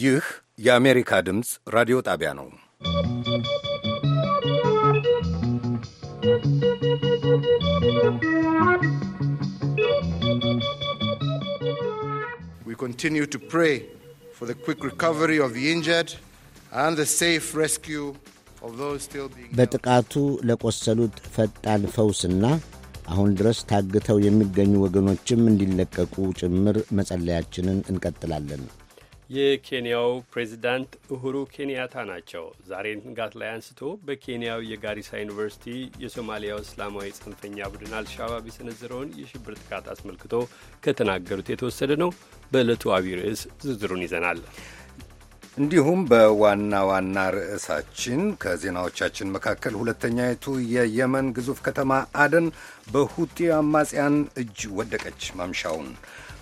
ይህ የአሜሪካ ድምፅ ራዲዮ ጣቢያ ነው። We continue to pray for the quick recovery of the injured and the safe rescue of those still being በጥቃቱ ለቆሰሉት ፈጣን ፈውስና አሁን ድረስ ታግተው የሚገኙ ወገኖችም እንዲለቀቁ ጭምር መጸለያችንን እንቀጥላለን። የኬንያው ፕሬዚዳንት እሁሩ ኬንያታ ናቸው። ዛሬ ንጋት ላይ አንስቶ በኬንያው የጋሪሳ ዩኒቨርሲቲ የሶማሊያው እስላማዊ ጽንፈኛ ቡድን አልሻባብ የሰነዘረውን የሽብር ጥቃት አስመልክቶ ከተናገሩት የተወሰደ ነው። በዕለቱ አብይ ርዕስ ዝርዝሩን ይዘናል። እንዲሁም በዋና ዋና ርዕሳችን ከዜናዎቻችን መካከል ሁለተኛይቱ የየመን ግዙፍ ከተማ አደን በሁቲ አማጽያን እጅ ወደቀች ማምሻውን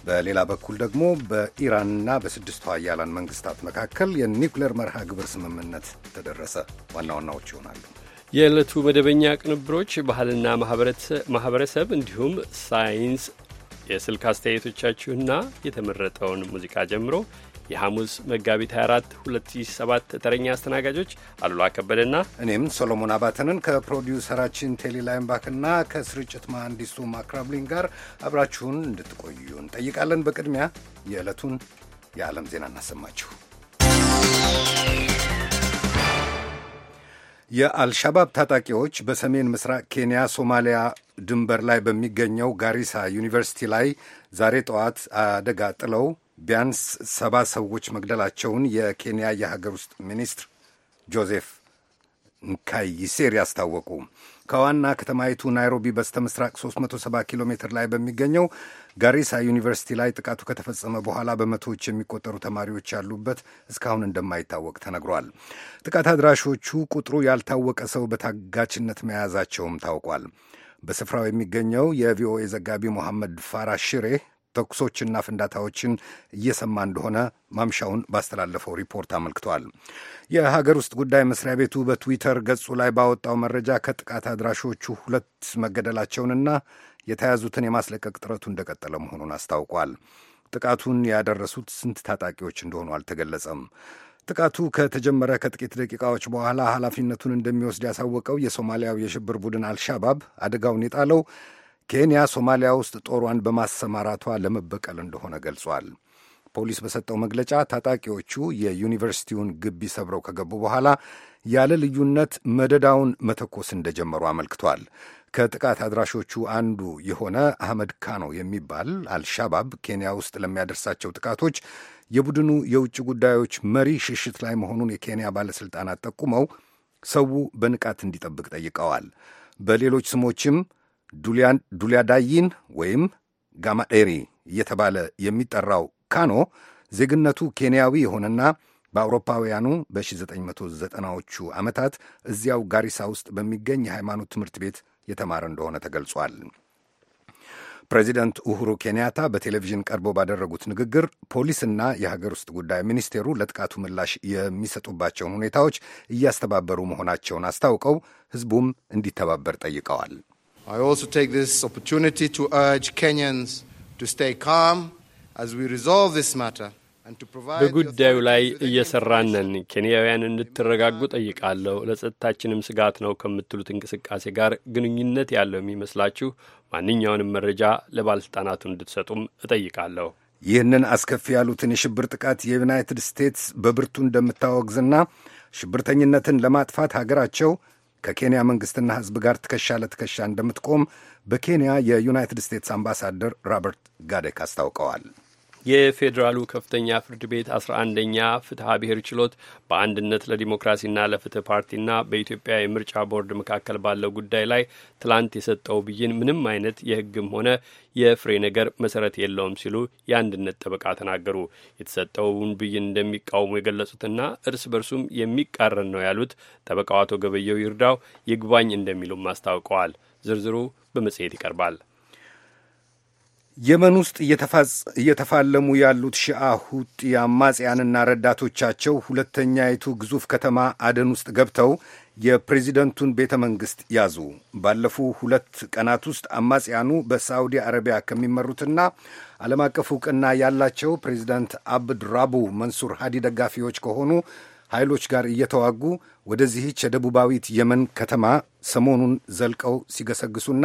በሌላ በኩል ደግሞ በኢራንና በስድስቱ አያላን መንግስታት መካከል የኒውክሌር መርሃ ግብር ስምምነት ተደረሰ። ዋና ዋናዎች ይሆናሉ። የዕለቱ መደበኛ ቅንብሮች ባህልና ማህበረሰብ እንዲሁም ሳይንስ፣ የስልክ አስተያየቶቻችሁና የተመረጠውን ሙዚቃ ጀምሮ የሐሙስ መጋቢት 24 2007 ተረኛ አስተናጋጆች አሉላ ከበደና እኔም ሶሎሞን አባተንን ከፕሮዲውሰራችን ቴሌ ከስርጭት መሐንዲሱ ማክራብሊን ጋር አብራችሁን እንድትቆዩ እንጠይቃለን። በቅድሚያ የዕለቱን የዓለም ዜና እናሰማችሁ። የአልሻባብ ታጣቂዎች በሰሜን ምስራቅ ኬንያ፣ ሶማሊያ ድንበር ላይ በሚገኘው ጋሪሳ ዩኒቨርሲቲ ላይ ዛሬ ጠዋት አደጋ ጥለው ቢያንስ ሰባ ሰዎች መግደላቸውን የኬንያ የሀገር ውስጥ ሚኒስትር ጆዜፍ ንካይሴሪ ያስታወቁ ከዋና ከተማይቱ ናይሮቢ በስተ ምስራቅ 370 ኪሎ ሜትር ላይ በሚገኘው ጋሪሳ ዩኒቨርሲቲ ላይ ጥቃቱ ከተፈጸመ በኋላ በመቶዎች የሚቆጠሩ ተማሪዎች ያሉበት እስካሁን እንደማይታወቅ ተነግሯል። ጥቃት አድራሾቹ ቁጥሩ ያልታወቀ ሰው በታጋችነት መያዛቸውም ታውቋል። በስፍራው የሚገኘው የቪኦኤ ዘጋቢ ሞሐመድ ፋራ ሽሬ ተኩሶችና ፍንዳታዎችን እየሰማ እንደሆነ ማምሻውን ባስተላለፈው ሪፖርት አመልክቷል። የሀገር ውስጥ ጉዳይ መስሪያ ቤቱ በትዊተር ገጹ ላይ ባወጣው መረጃ ከጥቃት አድራሾቹ ሁለት መገደላቸውንና የተያዙትን የማስለቀቅ ጥረቱ እንደቀጠለ መሆኑን አስታውቋል። ጥቃቱን ያደረሱት ስንት ታጣቂዎች እንደሆኑ አልተገለጸም። ጥቃቱ ከተጀመረ ከጥቂት ደቂቃዎች በኋላ ኃላፊነቱን እንደሚወስድ ያሳወቀው የሶማሊያው የሽብር ቡድን አልሻባብ አደጋውን የጣለው ኬንያ ሶማሊያ ውስጥ ጦሯን በማሰማራቷ ለመበቀል እንደሆነ ገልጿል። ፖሊስ በሰጠው መግለጫ ታጣቂዎቹ የዩኒቨርሲቲውን ግቢ ሰብረው ከገቡ በኋላ ያለ ልዩነት መደዳውን መተኮስ እንደጀመሩ አመልክቷል። ከጥቃት አድራሾቹ አንዱ የሆነ አህመድ ካኖ የሚባል አልሻባብ ኬንያ ውስጥ ለሚያደርሳቸው ጥቃቶች የቡድኑ የውጭ ጉዳዮች መሪ ሽሽት ላይ መሆኑን የኬንያ ባለሥልጣናት ጠቁመው ሰው በንቃት እንዲጠብቅ ጠይቀዋል። በሌሎች ስሞችም ዱሊያዳይን ወይም ጋማዴሪ እየተባለ የሚጠራው ካኖ ዜግነቱ ኬንያዊ የሆነና በአውሮፓውያኑ በ1990ዎቹ ዓመታት እዚያው ጋሪሳ ውስጥ በሚገኝ የሃይማኖት ትምህርት ቤት የተማረ እንደሆነ ተገልጿል። ፕሬዚደንት ኡሁሩ ኬንያታ በቴሌቪዥን ቀርቦ ባደረጉት ንግግር ፖሊስና የሀገር ውስጥ ጉዳይ ሚኒስቴሩ ለጥቃቱ ምላሽ የሚሰጡባቸውን ሁኔታዎች እያስተባበሩ መሆናቸውን አስታውቀው ህዝቡም እንዲተባበር ጠይቀዋል። ኬንያንስ በጉዳዩ ላይ እየሰራነን ኬንያውያን እንድትረጋጉ ጠይቃለሁ። ለጸጥታችንም ስጋት ነው ከምትሉት እንቅስቃሴ ጋር ግንኙነት ያለው የሚመስላችሁ ማንኛውንም መረጃ ለባለሥልጣናቱ እንድትሰጡም እጠይቃለሁ። ይህንን አስከፊ ያሉትን የሽብር ጥቃት የዩናይትድ ስቴትስ በብርቱ እንደምታወግዝና ሽብርተኝነትን ለማጥፋት ሀገራቸው ከኬንያ መንግሥትና ሕዝብ ጋር ትከሻ ለትከሻ እንደምትቆም በኬንያ የዩናይትድ ስቴትስ አምባሳደር ሮበርት ጋዴክ አስታውቀዋል። የፌዴራሉ ከፍተኛ ፍርድ ቤት አስራ አንደኛ ፍትሐ ብሔር ችሎት በአንድነት ለዲሞክራሲና ለፍትህ ፓርቲና በኢትዮጵያ የምርጫ ቦርድ መካከል ባለው ጉዳይ ላይ ትላንት የሰጠው ብይን ምንም አይነት የህግም ሆነ የፍሬ ነገር መሰረት የለውም ሲሉ የአንድነት ጠበቃ ተናገሩ። የተሰጠውን ብይን እንደሚቃወሙ የገለጹትና እርስ በርሱም የሚቃረን ነው ያሉት ጠበቃው አቶ ገበየው ይርዳው ይግባኝ እንደሚሉም አስታውቀዋል። ዝርዝሩ በመጽሔት ይቀርባል። የመን ውስጥ እየተፋለሙ ያሉት ሺአ ሁጢ አማጽያንና ረዳቶቻቸው ሁለተኛይቱ ግዙፍ ከተማ አደን ውስጥ ገብተው የፕሬዚደንቱን ቤተ መንግሥት ያዙ። ባለፉ ሁለት ቀናት ውስጥ አማጽያኑ በሳዑዲ አረቢያ ከሚመሩትና ዓለም አቀፍ ዕውቅና ያላቸው ፕሬዚዳንት አብድራቡ መንሱር ሃዲ ደጋፊዎች ከሆኑ ኃይሎች ጋር እየተዋጉ ወደዚህች የደቡባዊት የመን ከተማ ሰሞኑን ዘልቀው ሲገሰግሱና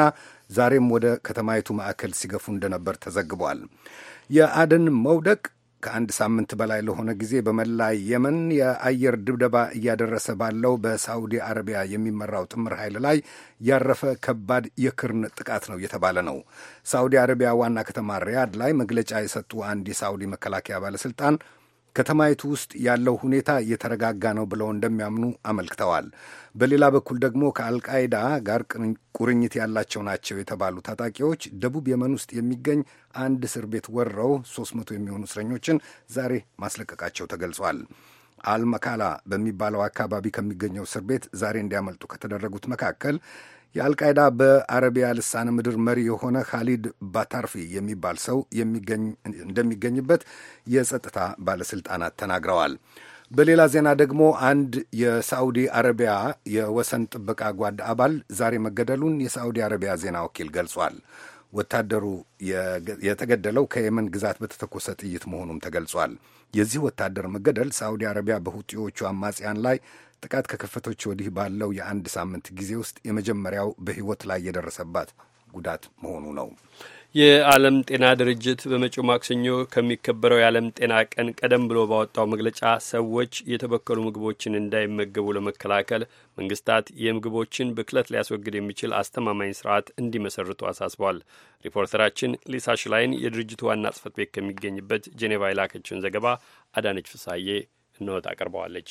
ዛሬም ወደ ከተማይቱ ማዕከል ሲገፉ እንደነበር ተዘግቧል። የአደን መውደቅ ከአንድ ሳምንት በላይ ለሆነ ጊዜ በመላ የመን የአየር ድብደባ እያደረሰ ባለው በሳዑዲ አረቢያ የሚመራው ጥምር ኃይል ላይ ያረፈ ከባድ የክርን ጥቃት ነው እየተባለ ነው። ሳዑዲ አረቢያ ዋና ከተማ ሪያድ ላይ መግለጫ የሰጡ አንድ የሳዑዲ መከላከያ ባለሥልጣን ከተማይቱ ውስጥ ያለው ሁኔታ እየተረጋጋ ነው ብለው እንደሚያምኑ አመልክተዋል። በሌላ በኩል ደግሞ ከአልቃይዳ ጋር ቁርኝት ያላቸው ናቸው የተባሉ ታጣቂዎች ደቡብ የመን ውስጥ የሚገኝ አንድ እስር ቤት 3ስት 300 የሚሆኑ እስረኞችን ዛሬ ማስለቀቃቸው ተገልጿል። አልመካላ በሚባለው አካባቢ ከሚገኘው እስር ቤት ዛሬ እንዲያመልጡ ከተደረጉት መካከል የአልቃይዳ በአረቢያ ልሳነ ምድር መሪ የሆነ ካሊድ ባታርፊ የሚባል ሰው እንደሚገኝበት የጸጥታ ባለስልጣናት ተናግረዋል። በሌላ ዜና ደግሞ አንድ የሳዑዲ አረቢያ የወሰን ጥበቃ ጓድ አባል ዛሬ መገደሉን የሳዑዲ አረቢያ ዜና ወኪል ገልጿል። ወታደሩ የተገደለው ከየመን ግዛት በተተኮሰ ጥይት መሆኑም ተገልጿል። የዚህ ወታደር መገደል ሳዑዲ አረቢያ በሁጢዎቹ አማጽያን ላይ ጥቃት ከከፈቶች ወዲህ ባለው የአንድ ሳምንት ጊዜ ውስጥ የመጀመሪያው በሕይወት ላይ የደረሰባት ጉዳት መሆኑ ነው። የዓለም ጤና ድርጅት በመጪው ማክሰኞ ከሚከበረው የዓለም ጤና ቀን ቀደም ብሎ ባወጣው መግለጫ ሰዎች የተበከሉ ምግቦችን እንዳይመገቡ ለመከላከል መንግስታት የምግቦችን ብክለት ሊያስወግድ የሚችል አስተማማኝ ስርዓት እንዲመሰርቱ አሳስቧል። ሪፖርተራችን ሊሳ ሽላይን የድርጅቱ ዋና ጽፈት ቤት ከሚገኝበት ጄኔቫ የላከችውን ዘገባ አዳነች ፍሳዬ እንወት አቅርበዋለች።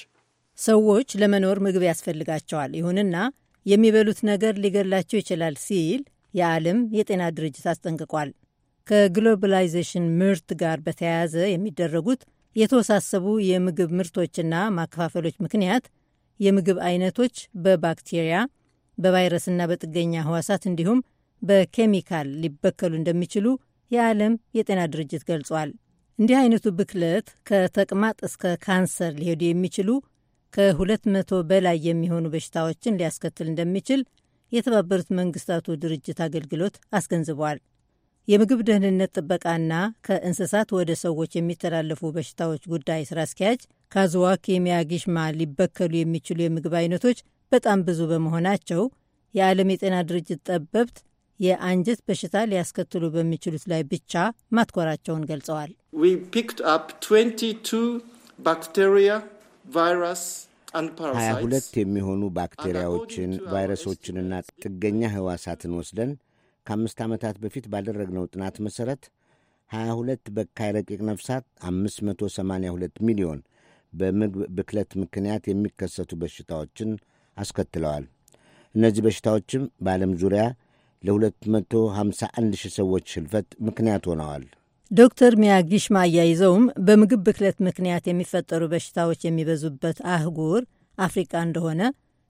ሰዎች ለመኖር ምግብ ያስፈልጋቸዋል። ይሁንና የሚበሉት ነገር ሊገድላቸው ይችላል ሲል የዓለም የጤና ድርጅት አስጠንቅቋል። ከግሎባላይዜሽን ምርት ጋር በተያያዘ የሚደረጉት የተወሳሰቡ የምግብ ምርቶችና ማከፋፈሎች ምክንያት የምግብ አይነቶች በባክቴሪያ በቫይረስና በጥገኛ ህዋሳት እንዲሁም በኬሚካል ሊበከሉ እንደሚችሉ የዓለም የጤና ድርጅት ገልጿል። እንዲህ አይነቱ ብክለት ከተቅማጥ እስከ ካንሰር ሊሄዱ የሚችሉ ከ200 በላይ የሚሆኑ በሽታዎችን ሊያስከትል እንደሚችል የተባበሩት መንግስታቱ ድርጅት አገልግሎት አስገንዝቧል። የምግብ ደህንነት ጥበቃና ከእንስሳት ወደ ሰዎች የሚተላለፉ በሽታዎች ጉዳይ ስራ አስኪያጅ ካዝዋ ኬሚያጊሽማ ሊበከሉ የሚችሉ የምግብ አይነቶች በጣም ብዙ በመሆናቸው የዓለም የጤና ድርጅት ጠበብት የአንጀት በሽታ ሊያስከትሉ በሚችሉት ላይ ብቻ ማትኮራቸውን ገልጸዋል። ባክቴሪያ ቫይረስ ሀያ ሁለት የሚሆኑ ባክቴሪያዎችን ቫይረሶችንና ጥገኛ ህዋሳትን ወስደን ከአምስት ዓመታት በፊት ባደረግነው ጥናት መሠረት 22 በካይ ረቂቅ ነፍሳት 582 ሚሊዮን በምግብ ብክለት ምክንያት የሚከሰቱ በሽታዎችን አስከትለዋል። እነዚህ በሽታዎችም በዓለም ዙሪያ ለ251 ሺህ ሰዎች ሽልፈት ምክንያት ሆነዋል። ዶክተር ሚያ ጊሽማ አያይዘውም በምግብ ብክለት ምክንያት የሚፈጠሩ በሽታዎች የሚበዙበት አህጉር አፍሪቃ እንደሆነ፣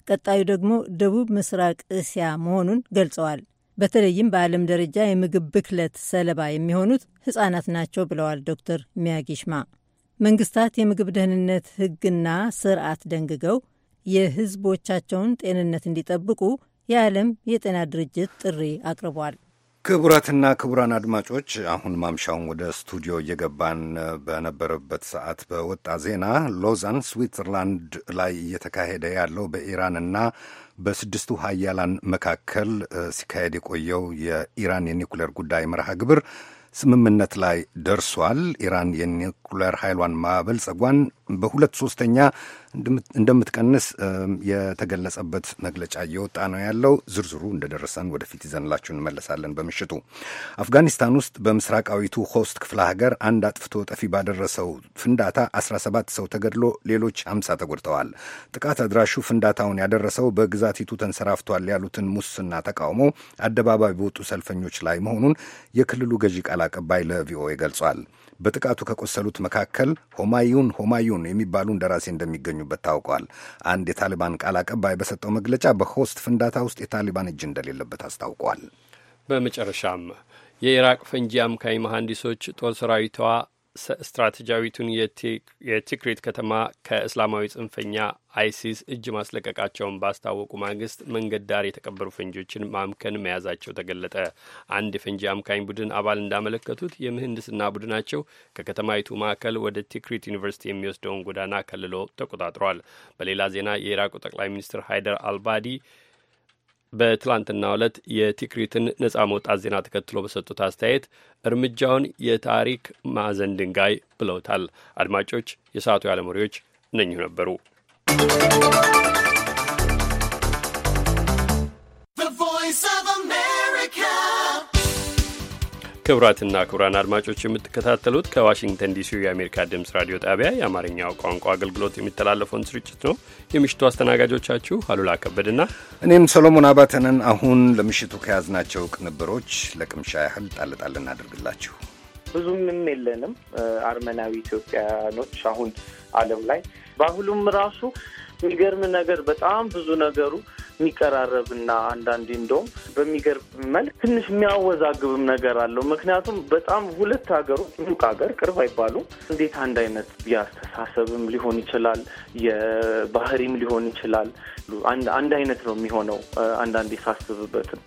ቀጣዩ ደግሞ ደቡብ ምስራቅ እስያ መሆኑን ገልጸዋል። በተለይም በዓለም ደረጃ የምግብ ብክለት ሰለባ የሚሆኑት ህጻናት ናቸው ብለዋል ዶክተር ሚያ ጊሽማ። መንግስታት የምግብ ደህንነት ህግና ስርዓት ደንግገው የህዝቦቻቸውን ጤንነት እንዲጠብቁ የዓለም የጤና ድርጅት ጥሪ አቅርቧል። ክቡራትና ክቡራን አድማጮች አሁን ማምሻውን ወደ ስቱዲዮ እየገባን በነበረበት ሰዓት በወጣ ዜና ሎዛን ስዊትዘርላንድ ላይ እየተካሄደ ያለው በኢራንና በስድስቱ ሀያላን መካከል ሲካሄድ የቆየው የኢራን የኒኩሌር ጉዳይ መርሃ ግብር ስምምነት ላይ ደርሷል። ኢራን የኒኩሌር ኃይሏን ማበልጸጓን በሁለት ሶስተኛ እንደምትቀንስ የተገለጸበት መግለጫ እየወጣ ነው ያለው። ዝርዝሩ እንደደረሰን ወደፊት ይዘንላችሁ እንመለሳለን። በምሽቱ አፍጋኒስታን ውስጥ በምስራቃዊቱ ሆስት ክፍለ ሀገር አንድ አጥፍቶ ጠፊ ባደረሰው ፍንዳታ 17 ሰው ተገድሎ ሌሎች 50 ተጎድተዋል። ጥቃት አድራሹ ፍንዳታውን ያደረሰው በግዛቲቱ ተንሰራፍቷል ያሉትን ሙስና ተቃውሞ አደባባይ በወጡ ሰልፈኞች ላይ መሆኑን የክልሉ ገዢ ቃል አቀባይ ለቪኦኤ ገልጿል። በጥቃቱ ከቆሰሉት መካከል ሆማዩን ሆማዩን የሚባሉ እንደራሴ እንደሚገኙበት ታውቋል። አንድ የታሊባን ቃል አቀባይ በሰጠው መግለጫ በሆስት ፍንዳታ ውስጥ የታሊባን እጅ እንደሌለበት አስታውቋል። በመጨረሻም የኢራቅ ፈንጂ አምካኝ መሐንዲሶች ጦር ሰራዊቷ ስትራቴጂያዊቱን የቲክሪት ከተማ ከእስላማዊ ጽንፈኛ አይሲስ እጅ ማስለቀቃቸውን ባስታወቁ ማግስት መንገድ ዳር የተቀበሩ ፈንጂዎችን ማምከን መያዛቸው ተገለጠ። አንድ የፈንጂ አምካኝ ቡድን አባል እንዳመለከቱት የምህንድስና ቡድናቸው ከከተማይቱ ማዕከል ወደ ቲክሪት ዩኒቨርሲቲ የሚወስደውን ጎዳና ከልሎ ተቆጣጥሯል። በሌላ ዜና የኢራቁ ጠቅላይ ሚኒስትር ሃይደር አልባዲ በትላንትና ዕለት የቲክሪትን ነጻ መውጣት ዜና ተከትሎ በሰጡት አስተያየት እርምጃውን የታሪክ ማዕዘን ድንጋይ ብለውታል። አድማጮች፣ የሰዓቱ የዓለም ወሬዎች እነኚሁ ነበሩ። ክቡራትና ክቡራን አድማጮች የምትከታተሉት ከዋሽንግተን ዲሲ የአሜሪካ ድምፅ ራዲዮ ጣቢያ የአማርኛው ቋንቋ አገልግሎት የሚተላለፈውን ስርጭት ነው። የምሽቱ አስተናጋጆቻችሁ አሉላ ከበድና እኔም ሰሎሞን አባተንን። አሁን ለምሽቱ ከያዝናቸው ቅንብሮች ለቅምሻ ያህል ጣልጣል እናደርግላችሁ። ብዙምም የለንም አርመናዊ ኢትዮጵያኖች አሁን ዓለም ላይ በአሁሉም ራሱ የሚገርም ነገር በጣም ብዙ ነገሩ የሚቀራረብና አንዳንዴ እንደውም በሚገርም መልክ ትንሽ የሚያወዛግብም ነገር አለው። ምክንያቱም በጣም ሁለት ሀገሮች ሩቅ ሀገር ቅርብ አይባሉም። እንዴት አንድ አይነት የአስተሳሰብም ሊሆን ይችላል፣ የባህሪም ሊሆን ይችላል። አንድ አይነት ነው የሚሆነው አንዳንዴ ሳስብበትም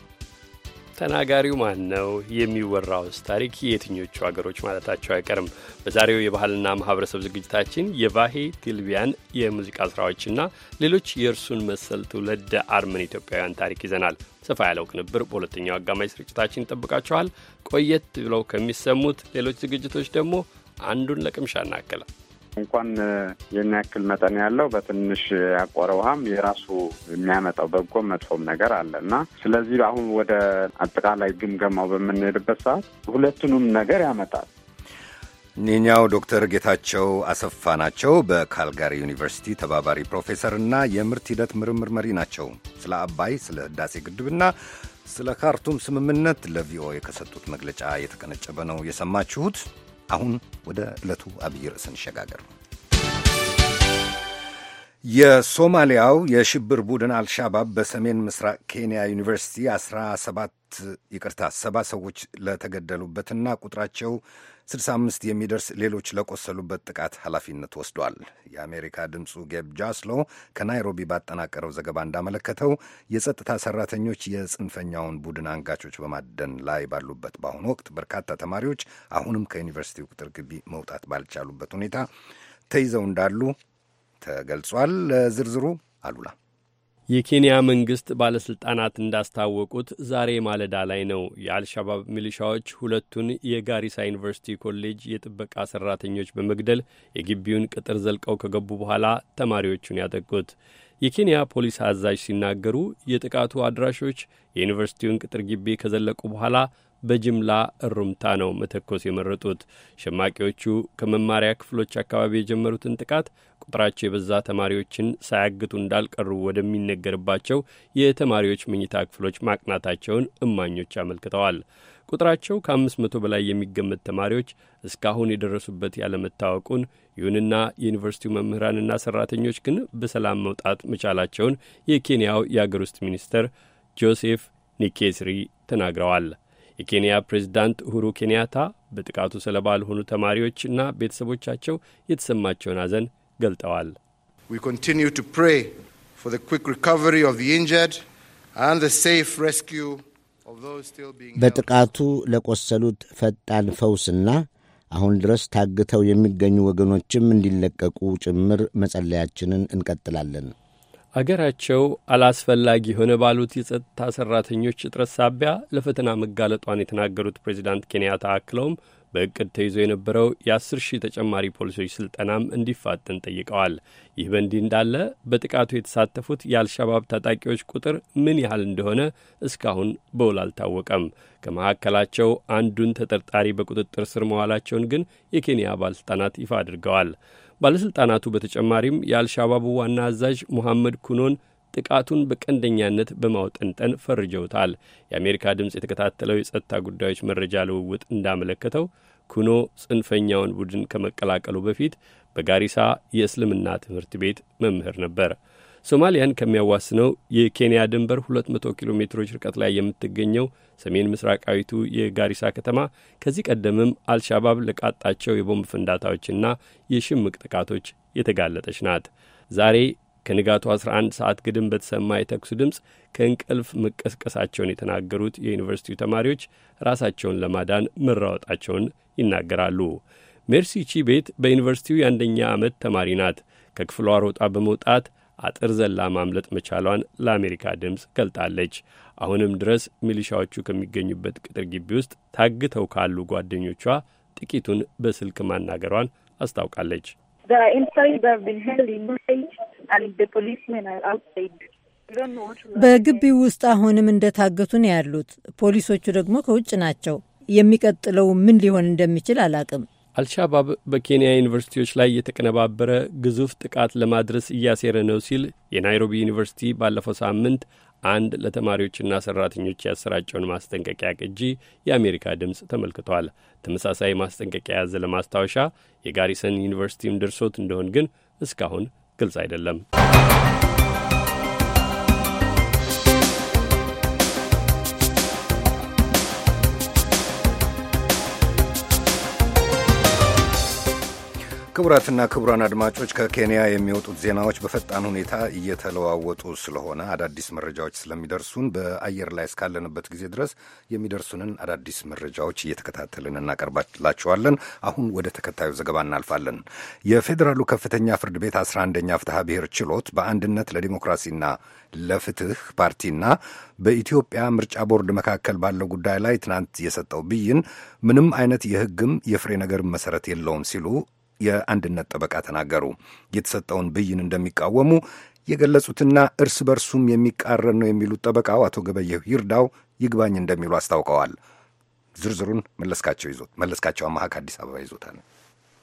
ተናጋሪው ማን ነው? የሚወራውስ ታሪክ የትኞቹ ሀገሮች ማለታቸው አይቀርም። በዛሬው የባህልና ማህበረሰብ ዝግጅታችን የቫሄ ቲልቢያን የሙዚቃ ስራዎችና ሌሎች የእርሱን መሰል ትውልድ አርመን ኢትዮጵያውያን ታሪክ ይዘናል። ሰፋ ያለው ቅንብር በሁለተኛው አጋማሽ ስርጭታችን ይጠብቃችኋል። ቆየት ብለው ከሚሰሙት ሌሎች ዝግጅቶች ደግሞ አንዱን ለቅምሻ እናክላል። እንኳን ይህን ያክል መጠን ያለው በትንሽ ያቆረ ውሃም የራሱ የሚያመጣው በጎም መጥፎም ነገር አለ እና ስለዚህ አሁን ወደ አጠቃላይ ግምገማው በምንሄድበት ሰዓት ሁለቱንም ነገር ያመጣል። እኚኛው ዶክተር ጌታቸው አሰፋ ናቸው። በካልጋሪ ዩኒቨርሲቲ ተባባሪ ፕሮፌሰር እና የምርት ሂደት ምርምር መሪ ናቸው። ስለ አባይ፣ ስለ ህዳሴ ግድብና ስለ ካርቱም ስምምነት ለቪኦኤ ከሰጡት መግለጫ የተቀነጨበ ነው የሰማችሁት። አሁን ወደ ዕለቱ አብይ ርዕስ እንሸጋገር። የሶማሊያው የሽብር ቡድን አልሻባብ በሰሜን ምስራቅ ኬንያ ዩኒቨርሲቲ አስራ ሰባት ይቅርታ ሰባ ሰዎች ለተገደሉበትና ቁጥራቸው 65 የሚደርስ ሌሎች ለቆሰሉበት ጥቃት ኃላፊነት ወስዷል። የአሜሪካ ድምፁ ጌብ ጃስሎ ከናይሮቢ ባጠናቀረው ዘገባ እንዳመለከተው የጸጥታ ሰራተኞች የጽንፈኛውን ቡድን አንጋቾች በማደን ላይ ባሉበት በአሁኑ ወቅት በርካታ ተማሪዎች አሁንም ከዩኒቨርሲቲው ቅጥር ግቢ መውጣት ባልቻሉበት ሁኔታ ተይዘው እንዳሉ ተገልጿል። ለዝርዝሩ አሉላ የኬንያ መንግሥት ባለሥልጣናት እንዳስታወቁት ዛሬ ማለዳ ላይ ነው የአልሻባብ ሚሊሻዎች ሁለቱን የጋሪሳ ዩኒቨርሲቲ ኮሌጅ የጥበቃ ሠራተኞች በመግደል የግቢውን ቅጥር ዘልቀው ከገቡ በኋላ ተማሪዎቹን ያጠቁት። የኬንያ ፖሊስ አዛዥ ሲናገሩ የጥቃቱ አድራሾች የዩኒቨርሲቲውን ቅጥር ግቢ ከዘለቁ በኋላ በጅምላ እሩምታ ነው መተኮስ የመረጡት። ሸማቂዎቹ ከመማሪያ ክፍሎች አካባቢ የጀመሩትን ጥቃት ቁጥራቸው የበዛ ተማሪዎችን ሳያግቱ እንዳልቀሩ ወደሚነገርባቸው የተማሪዎች መኝታ ክፍሎች ማቅናታቸውን እማኞች አመልክተዋል። ቁጥራቸው ከአምስት መቶ በላይ የሚገመት ተማሪዎች እስካሁን የደረሱበት ያለመታወቁን፣ ይሁንና የዩኒቨርሲቲው መምህራንና ሠራተኞች ግን በሰላም መውጣት መቻላቸውን የኬንያው የአገር ውስጥ ሚኒስትር ጆሴፍ ኒኬስሪ ተናግረዋል። የኬንያ ፕሬዚዳንት ኡሁሩ ኬንያታ በጥቃቱ ሰለባ ለሆኑ ተማሪዎችና ቤተሰቦቻቸው የተሰማቸውን ሐዘን ገልጠዋል። በጥቃቱ ለቆሰሉት ፈጣን ፈውስና አሁን ድረስ ታግተው የሚገኙ ወገኖችም እንዲለቀቁ ጭምር መጸለያችንን እንቀጥላለን። አገራቸው አላስፈላጊ የሆነ ባሉት የጸጥታ ሠራተኞች እጥረት ሳቢያ ለፈተና መጋለጧን የተናገሩት ፕሬዚዳንት ኬንያታ አክለውም በእቅድ ተይዞ የነበረው የአስር ሺህ ተጨማሪ ፖሊሶች ስልጠናም እንዲፋጠን ጠይቀዋል። ይህ በእንዲህ እንዳለ በጥቃቱ የተሳተፉት የአልሻባብ ታጣቂዎች ቁጥር ምን ያህል እንደሆነ እስካሁን በውል አልታወቀም። ከመካከላቸው አንዱን ተጠርጣሪ በቁጥጥር ስር መዋላቸውን ግን የኬንያ ባለሥልጣናት ይፋ አድርገዋል። ባለሥልጣናቱ በተጨማሪም የአልሻባቡ ዋና አዛዥ ሙሐመድ ኩኖን ጥቃቱን በቀንደኛነት በማውጠንጠን ፈርጀውታል። የአሜሪካ ድምፅ የተከታተለው የጸጥታ ጉዳዮች መረጃ ልውውጥ እንዳመለከተው ኩኖ ጽንፈኛውን ቡድን ከመቀላቀሉ በፊት በጋሪሳ የእስልምና ትምህርት ቤት መምህር ነበር። ሶማሊያን ከሚያዋስነው የኬንያ ድንበር 200 ኪሎ ሜትሮች ርቀት ላይ የምትገኘው ሰሜን ምስራቃዊቱ የጋሪሳ ከተማ ከዚህ ቀደምም አልሻባብ ለቃጣቸው የቦምብ ፍንዳታዎችና የሽምቅ ጥቃቶች የተጋለጠች ናት። ዛሬ ከንጋቱ 11 ሰዓት ግድም በተሰማ የተኩሱ ድምፅ ከእንቅልፍ መቀስቀሳቸውን የተናገሩት የዩኒቨርሲቲው ተማሪዎች ራሳቸውን ለማዳን መራወጣቸውን ይናገራሉ። ሜርሲቺ ቤት በዩኒቨርሲቲው የአንደኛ ዓመት ተማሪ ናት። ከክፍሏ ሮጣ በመውጣት አጥር ዘላ ማምለጥ መቻሏን ለአሜሪካ ድምፅ ገልጣለች። አሁንም ድረስ ሚሊሻዎቹ ከሚገኙበት ቅጥር ግቢ ውስጥ ታግተው ካሉ ጓደኞቿ ጥቂቱን በስልክ ማናገሯን አስታውቃለች። በግቢው ውስጥ አሁንም እንደታገቱ ነው ያሉት። ፖሊሶቹ ደግሞ ከውጭ ናቸው። የሚቀጥለው ምን ሊሆን እንደሚችል አላቅም። አልሻባብ በኬንያ ዩኒቨርሲቲዎች ላይ የተቀነባበረ ግዙፍ ጥቃት ለማድረስ እያሴረ ነው ሲል የናይሮቢ ዩኒቨርሲቲ ባለፈው ሳምንት አንድ ለተማሪዎችና ሰራተኞች ያሰራጨውን ማስጠንቀቂያ ቅጂ የአሜሪካ ድምፅ ተመልክቷል። ተመሳሳይ ማስጠንቀቂያ የያዘ ለማስታወሻ የጋሪሰን ዩኒቨርሲቲም ድርሶት እንደሆን ግን እስካሁን ግልጽ አይደለም። ክቡራትና ክቡራን አድማጮች ከኬንያ የሚወጡት ዜናዎች በፈጣን ሁኔታ እየተለዋወጡ ስለሆነ አዳዲስ መረጃዎች ስለሚደርሱን በአየር ላይ እስካለንበት ጊዜ ድረስ የሚደርሱንን አዳዲስ መረጃዎች እየተከታተልን እናቀርባላችኋለን። አሁን ወደ ተከታዩ ዘገባ እናልፋለን። የፌዴራሉ ከፍተኛ ፍርድ ቤት 11ኛ ፍትሐ ብሔር ችሎት በአንድነት ለዲሞክራሲና ለፍትህ ፓርቲና በኢትዮጵያ ምርጫ ቦርድ መካከል ባለው ጉዳይ ላይ ትናንት የሰጠው ብይን ምንም አይነት የህግም የፍሬ ነገርም መሰረት የለውም ሲሉ የአንድነት ጠበቃ ተናገሩ። የተሰጠውን ብይን እንደሚቃወሙ የገለጹትና እርስ በርሱም የሚቃረን ነው የሚሉት ጠበቃው አቶ ገበየሁ ይርዳው ይግባኝ እንደሚሉ አስታውቀዋል። ዝርዝሩን መለስካቸው ይዞት መለስካቸው አማሃ ከአዲስ አበባ ይዞታል።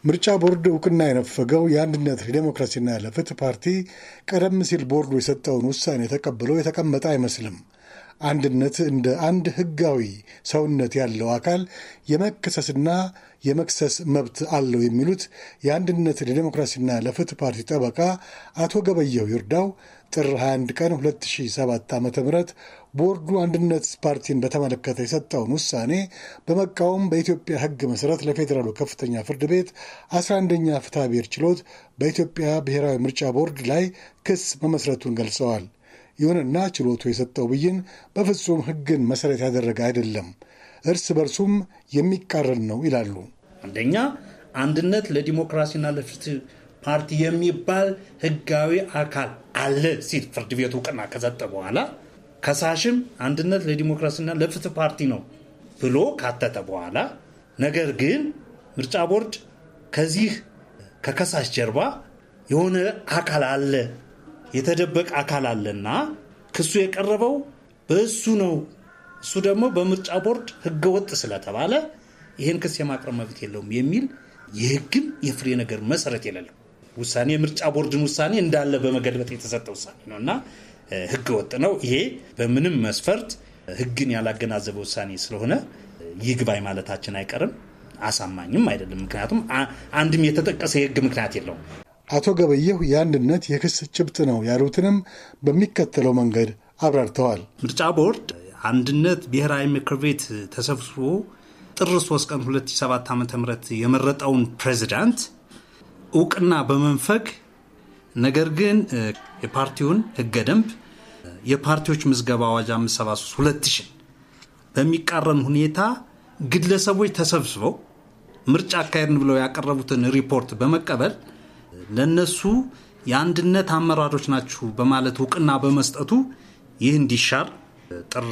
ምርጫ ቦርድ እውቅና የነፈገው የአንድነት ለዲሞክራሲና ለፍትህ ፓርቲ ቀደም ሲል ቦርዱ የሰጠውን ውሳኔ ተቀብሎ የተቀመጠ አይመስልም። አንድነት እንደ አንድ ህጋዊ ሰውነት ያለው አካል የመከሰስና የመክሰስ መብት አለው የሚሉት የአንድነት ለዲሞክራሲና ለፍትህ ፓርቲ ጠበቃ አቶ ገበየሁ ይርዳው ጥር 21 ቀን 2007 ዓ ም ቦርዱ አንድነት ፓርቲን በተመለከተ የሰጠውን ውሳኔ በመቃወም በኢትዮጵያ ህግ መሠረት ለፌዴራሉ ከፍተኛ ፍርድ ቤት 11ኛ ፍትሐ ብሔር ችሎት በኢትዮጵያ ብሔራዊ ምርጫ ቦርድ ላይ ክስ መመስረቱን ገልጸዋል። ይሁንና ችሎቱ የሰጠው ብይን በፍጹም ሕግን መሰረት ያደረገ አይደለም፣ እርስ በርሱም የሚቃረን ነው ይላሉ። አንደኛ አንድነት ለዲሞክራሲና ለፍትህ ፓርቲ የሚባል ህጋዊ አካል አለ ሲል ፍርድ ቤት እውቅና ከሰጠ በኋላ ከሳሽም አንድነት ለዲሞክራሲና ለፍትህ ፓርቲ ነው ብሎ ካተተ በኋላ ነገር ግን ምርጫ ቦርድ ከዚህ ከከሳሽ ጀርባ የሆነ አካል አለ የተደበቀ አካል አለና ክሱ የቀረበው በእሱ ነው። እሱ ደግሞ በምርጫ ቦርድ ህገወጥ ስለተባለ ይህን ክስ የማቅረብ መብት የለውም የሚል የህግም የፍሬ ነገር መሰረት የሌለው ውሳኔ የምርጫ ቦርድን ውሳኔ እንዳለ በመገልበጥ የተሰጠ ውሳኔ ነው እና ህገወጥ ነው። ይሄ በምንም መስፈርት ህግን ያላገናዘበ ውሳኔ ስለሆነ ይግባኝ ማለታችን አይቀርም። አሳማኝም አይደለም። ምክንያቱም አንድም የተጠቀሰ የህግ ምክንያት የለውም። አቶ ገበየሁ የአንድነት የክስ ጭብጥ ነው ያሉትንም በሚከተለው መንገድ አብራርተዋል። ምርጫ ቦርድ አንድነት ብሔራዊ ምክር ቤት ተሰብስቦ ጥር 3 ቀን 2007 ዓ ም የመረጠውን ፕሬዚዳንት እውቅና በመንፈግ ነገር ግን የፓርቲውን ህገ ደንብ የፓርቲዎች ምዝገባ አዋጅ 573 2000 በሚቃረን ሁኔታ ግለሰቦች ተሰብስበው ምርጫ አካሄድን ብለው ያቀረቡትን ሪፖርት በመቀበል ለነሱ የአንድነት አመራሮች ናችሁ በማለት እውቅና በመስጠቱ ይህ እንዲሻር ጥር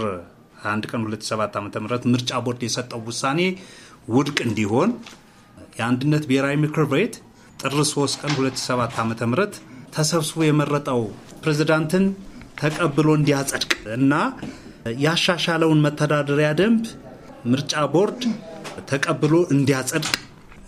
1 ቀን 27 ዓ ም ምርጫ ቦርድ የሰጠው ውሳኔ ውድቅ እንዲሆን የአንድነት ብሔራዊ ምክር ቤት ጥር 3 ቀን 27 ዓ ም ተሰብስቦ የመረጠው ፕሬዚዳንትን ተቀብሎ እንዲያጸድቅ እና ያሻሻለውን መተዳደሪያ ደንብ ምርጫ ቦርድ ተቀብሎ እንዲያጸድቅ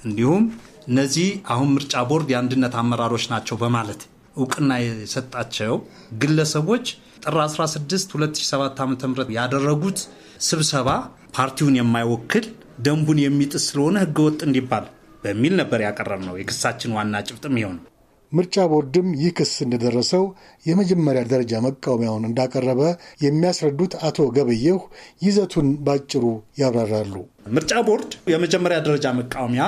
እንዲሁም እነዚህ አሁን ምርጫ ቦርድ የአንድነት አመራሮች ናቸው በማለት እውቅና የሰጣቸው ግለሰቦች ጥር 16 2007 ዓ ም ያደረጉት ስብሰባ ፓርቲውን የማይወክል ደንቡን የሚጥስ ስለሆነ ህገወጥ እንዲባል በሚል ነበር ያቀረብ ነው። የክሳችን ዋና ጭብጥም ይኸው ምርጫ ቦርድም ይህ ክስ እንደደረሰው የመጀመሪያ ደረጃ መቃወሚያውን እንዳቀረበ የሚያስረዱት አቶ ገበየሁ ይዘቱን ባጭሩ ያብራራሉ። ምርጫ ቦርድ የመጀመሪያ ደረጃ መቃወሚያ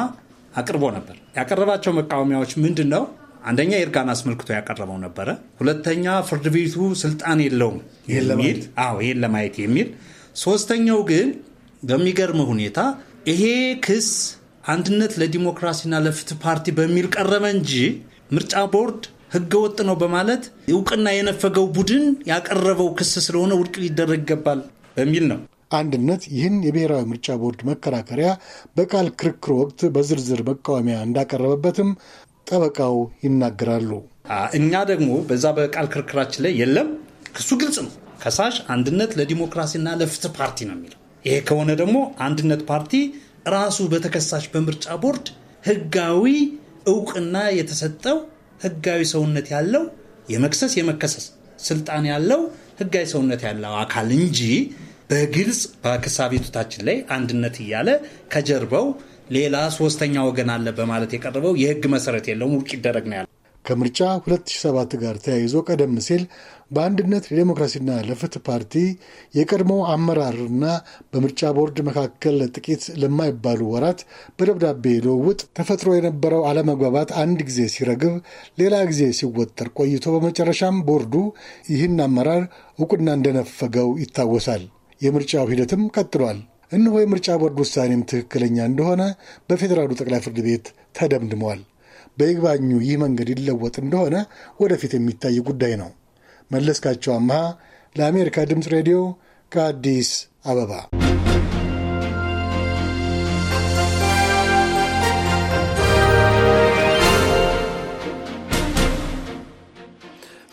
አቅርቦ ነበር። ያቀረባቸው መቃወሚያዎች ምንድን ነው? አንደኛ የእርጋን አስመልክቶ ያቀረበው ነበረ። ሁለተኛ ፍርድ ቤቱ ስልጣን የለውም የሚል አዎ፣ ይህን ለማየት የሚል ሶስተኛው ግን በሚገርም ሁኔታ ይሄ ክስ አንድነት ለዲሞክራሲና ለፍትህ ፓርቲ በሚል ቀረበ እንጂ ምርጫ ቦርድ ህገወጥ ነው በማለት እውቅና የነፈገው ቡድን ያቀረበው ክስ ስለሆነ ውድቅ ሊደረግ ይገባል በሚል ነው። አንድነት ይህን የብሔራዊ ምርጫ ቦርድ መከራከሪያ በቃል ክርክር ወቅት በዝርዝር መቃወሚያ እንዳቀረበበትም ጠበቃው ይናገራሉ። እኛ ደግሞ በዛ በቃል ክርክራችን ላይ የለም፣ ክሱ ግልጽ ነው። ከሳሽ አንድነት ለዲሞክራሲና ለፍትህ ፓርቲ ነው የሚለው። ይሄ ከሆነ ደግሞ አንድነት ፓርቲ ራሱ በተከሳሽ በምርጫ ቦርድ ህጋዊ እውቅና የተሰጠው ህጋዊ ሰውነት ያለው የመክሰስ የመከሰስ ስልጣን ያለው ህጋዊ ሰውነት ያለው አካል እንጂ በግልጽ በክስ አቤቱታችን ላይ አንድነት እያለ ከጀርባው ሌላ ሶስተኛ ወገን አለ በማለት የቀረበው የህግ መሰረት የለውም፣ ውድቅ ይደረግ ነው ያለ። ከምርጫ 2007 ጋር ተያይዞ ቀደም ሲል በአንድነት ለዲሞክራሲና ለፍትህ ፓርቲ የቀድሞ አመራርና በምርጫ ቦርድ መካከል ጥቂት ለማይባሉ ወራት በደብዳቤ ልውውጥ ተፈጥሮ የነበረው አለመግባባት አንድ ጊዜ ሲረግብ፣ ሌላ ጊዜ ሲወጠር ቆይቶ በመጨረሻም ቦርዱ ይህን አመራር እውቅና እንደነፈገው ይታወሳል። የምርጫው ሂደትም ቀጥሏል። እነሆ የምርጫ ቦርድ ውሳኔም ትክክለኛ እንደሆነ በፌዴራሉ ጠቅላይ ፍርድ ቤት ተደምድሟል። በይግባኙ ይህ መንገድ ይለወጥ እንደሆነ ወደፊት የሚታይ ጉዳይ ነው። መለስካቸው አምሃ ለአሜሪካ ድምፅ ሬዲዮ ከአዲስ አበባ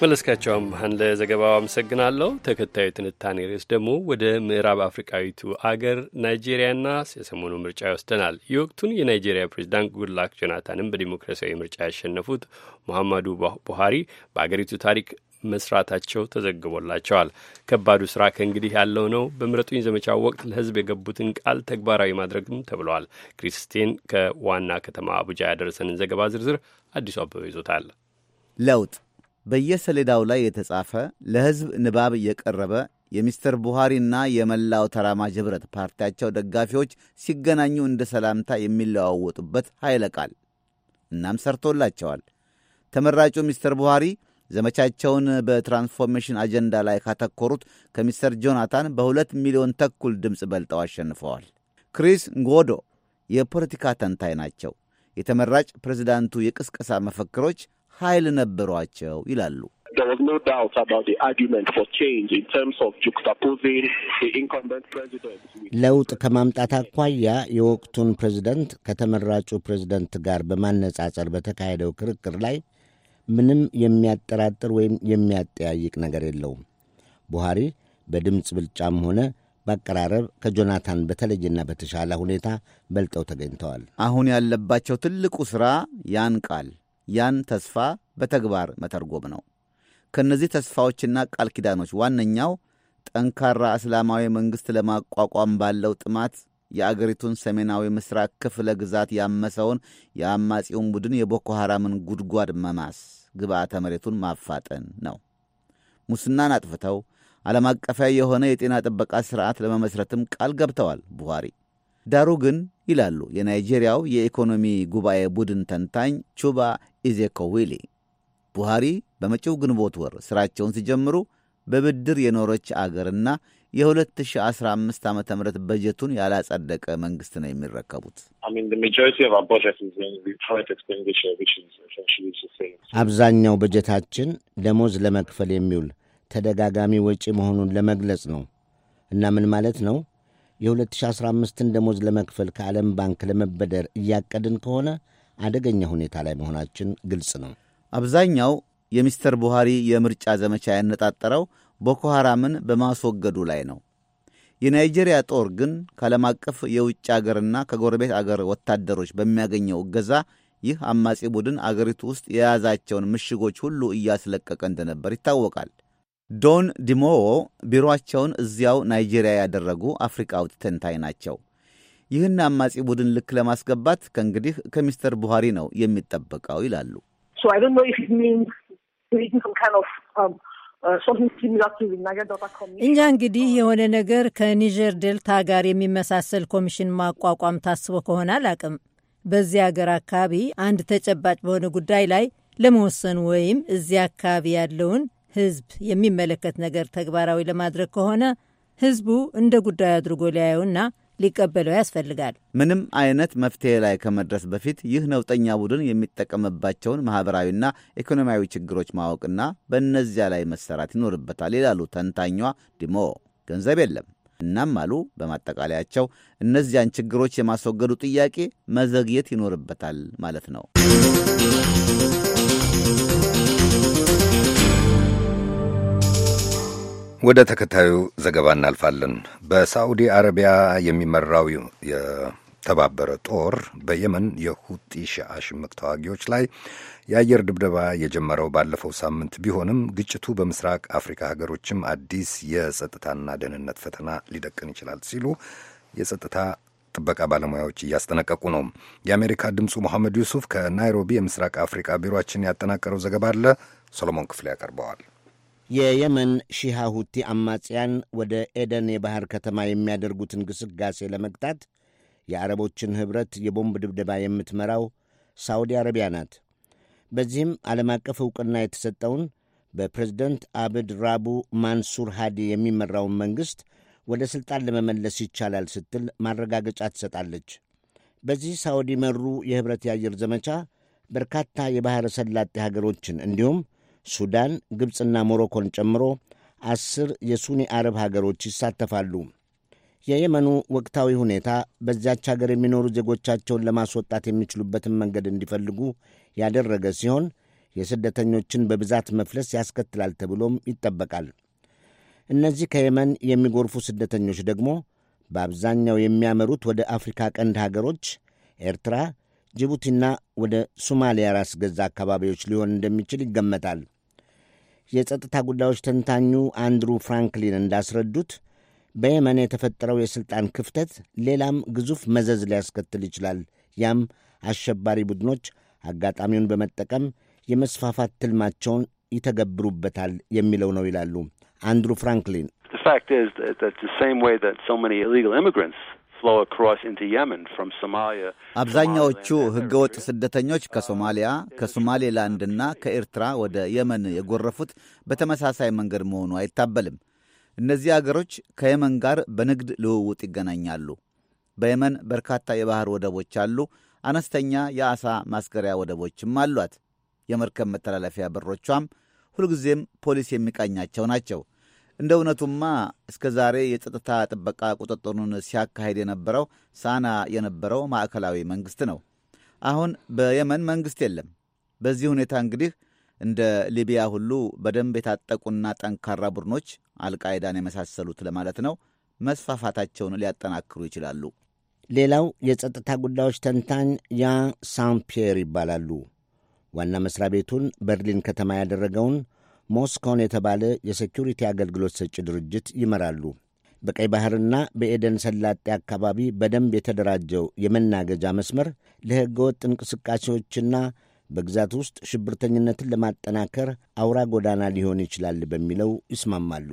መለስካቸው አምሃን ለዘገባው አመሰግናለሁ። ተከታዩ ትንታኔ ርዕስ ደግሞ ወደ ምዕራብ አፍሪካዊቱ አገር ናይጄሪያና የሰሞኑ ምርጫ ይወስደናል። የወቅቱን የናይጄሪያ ፕሬዚዳንት ጉድላክ ጆናታንን በዲሞክራሲያዊ ምርጫ ያሸነፉት ሙሐመዱ ቡሃሪ በአገሪቱ ታሪክ መስራታቸው ተዘግቦላቸዋል። ከባዱ ስራ ከእንግዲህ ያለው ነው በምረጡኝ ዘመቻው ወቅት ለህዝብ የገቡትን ቃል ተግባራዊ ማድረግም ተብለዋል። ክሪስቲን ከዋና ከተማ አቡጃ ያደረሰንን ዘገባ ዝርዝር አዲሱ አበበ ይዞታል። ለውጥ በየሰሌዳው ላይ የተጻፈ ለሕዝብ ንባብ የቀረበ የሚስተር ቡሃሪና የመላው ተራማጅ ኅብረት ፓርቲያቸው ደጋፊዎች ሲገናኙ እንደ ሰላምታ የሚለዋወጡበት ኃይለ ቃል እናም ሰርቶላቸዋል። ተመራጩ ሚስተር ቡሃሪ ዘመቻቸውን በትራንስፎርሜሽን አጀንዳ ላይ ካተኮሩት ከሚስተር ጆናታን በሁለት ሚሊዮን ተኩል ድምፅ በልጠው አሸንፈዋል። ክሪስ ንጎዶ የፖለቲካ ተንታኝ ናቸው። የተመራጭ ፕሬዚዳንቱ የቅስቀሳ መፈክሮች ኃይል ነበሯቸው ይላሉ። ለውጥ ከማምጣት አኳያ የወቅቱን ፕሬዝደንት ከተመራጩ ፕሬዝደንት ጋር በማነጻጸር በተካሄደው ክርክር ላይ ምንም የሚያጠራጥር ወይም የሚያጠያይቅ ነገር የለውም። ቡሃሪ በድምፅ ብልጫም ሆነ በአቀራረብ ከጆናታን በተለየና በተሻለ ሁኔታ በልጠው ተገኝተዋል። አሁን ያለባቸው ትልቁ ሥራ ያን ቃል ያን ተስፋ በተግባር መተርጎም ነው። ከእነዚህ ተስፋዎችና ቃል ኪዳኖች ዋነኛው ጠንካራ እስላማዊ መንግሥት ለማቋቋም ባለው ጥማት የአገሪቱን ሰሜናዊ ምስራቅ ክፍለ ግዛት ያመሰውን የአማጺውን ቡድን የቦኮ ሐራምን ጉድጓድ መማስ፣ ግብአተ መሬቱን ማፋጠን ነው። ሙስናን አጥፍተው ዓለም አቀፋዊ የሆነ የጤና ጥበቃ ሥርዓት ለመመሥረትም ቃል ገብተዋል ቡኻሪ። ዳሩ ግን ይላሉ የናይጄሪያው የኢኮኖሚ ጉባኤ ቡድን ተንታኝ ቹባ ኢዜኮዊሊ። ቡሃሪ በመጪው ግንቦት ወር ሥራቸውን ሲጀምሩ በብድር የኖረች አገርና የ2015 ዓ ም በጀቱን ያላጸደቀ መንግስት ነው የሚረከቡት። አብዛኛው በጀታችን ደሞዝ ለመክፈል የሚውል ተደጋጋሚ ወጪ መሆኑን ለመግለጽ ነው እና ምን ማለት ነው የ2015ን ደሞዝ ለመክፈል ከዓለም ባንክ ለመበደር እያቀድን ከሆነ አደገኛ ሁኔታ ላይ መሆናችን ግልጽ ነው። አብዛኛው የሚስተር ቡሃሪ የምርጫ ዘመቻ ያነጣጠረው ቦኮ ሐራምን በማስወገዱ ላይ ነው። የናይጄሪያ ጦር ግን ከዓለም አቀፍ የውጭ አገርና ከጎረቤት አገር ወታደሮች በሚያገኘው እገዛ ይህ አማጺ ቡድን አገሪቱ ውስጥ የያዛቸውን ምሽጎች ሁሉ እያስለቀቀ እንደነበር ይታወቃል። ዶን ዲሞዎ ቢሮአቸውን እዚያው ናይጄሪያ ያደረጉ አፍሪቃዊ ተንታኝ ናቸው። ይህን አማጺ ቡድን ልክ ለማስገባት ከእንግዲህ ከሚስተር ቡሃሪ ነው የሚጠበቀው ይላሉ። um, uh, እኛ እንግዲህ የሆነ ነገር ከኒጀር ዴልታ ጋር የሚመሳሰል ኮሚሽን ማቋቋም ታስቦ ከሆነ አላቅም። በዚህ አገር አካባቢ አንድ ተጨባጭ በሆነ ጉዳይ ላይ ለመወሰን ወይም እዚያ አካባቢ ያለውን ህዝብ የሚመለከት ነገር ተግባራዊ ለማድረግ ከሆነ ህዝቡ እንደ ጉዳዩ አድርጎ ሊያየውና ሊቀበለው ያስፈልጋል። ምንም አይነት መፍትሄ ላይ ከመድረስ በፊት ይህ ነውጠኛ ቡድን የሚጠቀምባቸውን ማኅበራዊና ኢኮኖሚያዊ ችግሮች ማወቅና በእነዚያ ላይ መሰራት ይኖርበታል ይላሉ ተንታኟ ዲሞ። ገንዘብ የለም። እናም አሉ በማጠቃለያቸው እነዚያን ችግሮች የማስወገዱ ጥያቄ መዘግየት ይኖርበታል ማለት ነው። ወደ ተከታዩ ዘገባ እናልፋለን። በሳዑዲ አረቢያ የሚመራው የተባበረ ጦር በየመን የሁጢ ሺዓ ሽምቅ ተዋጊዎች ላይ የአየር ድብደባ የጀመረው ባለፈው ሳምንት ቢሆንም ግጭቱ በምስራቅ አፍሪካ ሀገሮችም አዲስ የጸጥታና ደህንነት ፈተና ሊደቅን ይችላል ሲሉ የጸጥታ ጥበቃ ባለሙያዎች እያስጠነቀቁ ነው። የአሜሪካ ድምፁ መሐመድ ዩሱፍ ከናይሮቢ የምስራቅ አፍሪካ ቢሮችን ያጠናቀረው ዘገባ አለ። ሰሎሞን ክፍሌ ያቀርበዋል። የየመን ሺሃ ሁቲ አማጽያን ወደ ኤደን የባሕር ከተማ የሚያደርጉትን ግስጋሴ ለመግታት የአረቦችን ኅብረት የቦምብ ድብደባ የምትመራው ሳውዲ አረቢያ ናት። በዚህም ዓለም አቀፍ ዕውቅና የተሰጠውን በፕሬዝደንት አብድ ራቡ ማንሱር ሃዲ የሚመራውን መንግሥት ወደ ሥልጣን ለመመለስ ይቻላል ስትል ማረጋገጫ ትሰጣለች። በዚህ ሳውዲ መሩ የኅብረት የአየር ዘመቻ በርካታ የባሕረ ሰላጤ ሀገሮችን እንዲሁም ሱዳን፣ ግብፅና ሞሮኮን ጨምሮ አስር የሱኒ አረብ ሀገሮች ይሳተፋሉ። የየመኑ ወቅታዊ ሁኔታ በዚያች ሀገር የሚኖሩ ዜጎቻቸውን ለማስወጣት የሚችሉበትን መንገድ እንዲፈልጉ ያደረገ ሲሆን የስደተኞችን በብዛት መፍለስ ያስከትላል ተብሎም ይጠበቃል። እነዚህ ከየመን የሚጎርፉ ስደተኞች ደግሞ በአብዛኛው የሚያመሩት ወደ አፍሪካ ቀንድ ሀገሮች ኤርትራ፣ ጅቡቲና ወደ ሶማሊያ ራስ ገዛ አካባቢዎች ሊሆን እንደሚችል ይገመታል። የጸጥታ ጉዳዮች ተንታኙ አንድሩ ፍራንክሊን እንዳስረዱት በየመን የተፈጠረው የሥልጣን ክፍተት ሌላም ግዙፍ መዘዝ ሊያስከትል ይችላል። ያም አሸባሪ ቡድኖች አጋጣሚውን በመጠቀም የመስፋፋት ትልማቸውን ይተገብሩበታል የሚለው ነው ይላሉ አንድሩ ፍራንክሊን። አብዛኛዎቹ ህገወጥ ስደተኞች ከሶማሊያ ከሶማሌላንድና ከኤርትራ ወደ የመን የጎረፉት በተመሳሳይ መንገድ መሆኑ አይታበልም። እነዚህ አገሮች ከየመን ጋር በንግድ ልውውጥ ይገናኛሉ። በየመን በርካታ የባህር ወደቦች አሉ። አነስተኛ የአሳ ማስገሪያ ወደቦችም አሏት። የመርከብ መተላለፊያ በሮቿም ሁልጊዜም ፖሊስ የሚቃኛቸው ናቸው። እንደ እውነቱማ እስከ ዛሬ የጸጥታ ጥበቃ ቁጥጥሩን ሲያካሄድ የነበረው ሳና የነበረው ማዕከላዊ መንግሥት ነው። አሁን በየመን መንግሥት የለም። በዚህ ሁኔታ እንግዲህ እንደ ሊቢያ ሁሉ በደንብ የታጠቁና ጠንካራ ቡድኖች አልቃይዳን የመሳሰሉት ለማለት ነው መስፋፋታቸውን ሊያጠናክሩ ይችላሉ። ሌላው የጸጥታ ጉዳዮች ተንታኝ ያን ሳምፒየር ይባላሉ። ዋና መስሪያ ቤቱን በርሊን ከተማ ያደረገውን ሞስኮን የተባለ የሴኪሪቲ አገልግሎት ሰጪ ድርጅት ይመራሉ። በቀይ ባህርና በኤደን ሰላጤ አካባቢ በደንብ የተደራጀው የመናገጃ መስመር ለሕገወጥ እንቅስቃሴዎችና በግዛት ውስጥ ሽብርተኝነትን ለማጠናከር አውራ ጎዳና ሊሆን ይችላል በሚለው ይስማማሉ።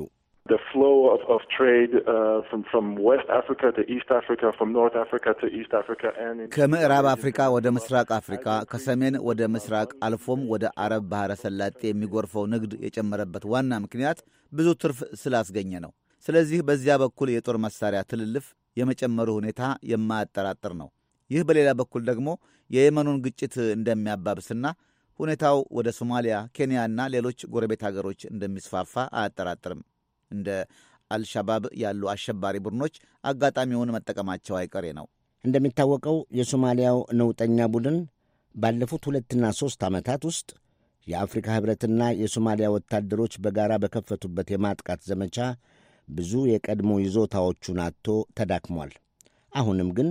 the flow of, of trade uh, from, from West Africa to East Africa, from North Africa to East Africa and ከምዕራብ አፍሪካ ወደ ምስራቅ አፍሪካ ከሰሜን ወደ ምስራቅ አልፎም ወደ አረብ ባህረ ሰላጤ የሚጎርፈው ንግድ የጨመረበት ዋና ምክንያት ብዙ ትርፍ ስላስገኘ ነው። ስለዚህ በዚያ በኩል የጦር መሳሪያ ትልልፍ የመጨመሩ ሁኔታ የማያጠራጥር ነው። ይህ በሌላ በኩል ደግሞ የየመኑን ግጭት እንደሚያባብስና ሁኔታው ወደ ሶማሊያ፣ ኬንያና ሌሎች ጎረቤት አገሮች እንደሚስፋፋ አያጠራጥርም። እንደ አልሻባብ ያሉ አሸባሪ ቡድኖች አጋጣሚውን መጠቀማቸው አይቀሬ ነው። እንደሚታወቀው የሶማሊያው ነውጠኛ ቡድን ባለፉት ሁለትና ሦስት ዓመታት ውስጥ የአፍሪካ ኅብረትና የሶማሊያ ወታደሮች በጋራ በከፈቱበት የማጥቃት ዘመቻ ብዙ የቀድሞ ይዞታዎቹን አጥቶ ተዳክሟል። አሁንም ግን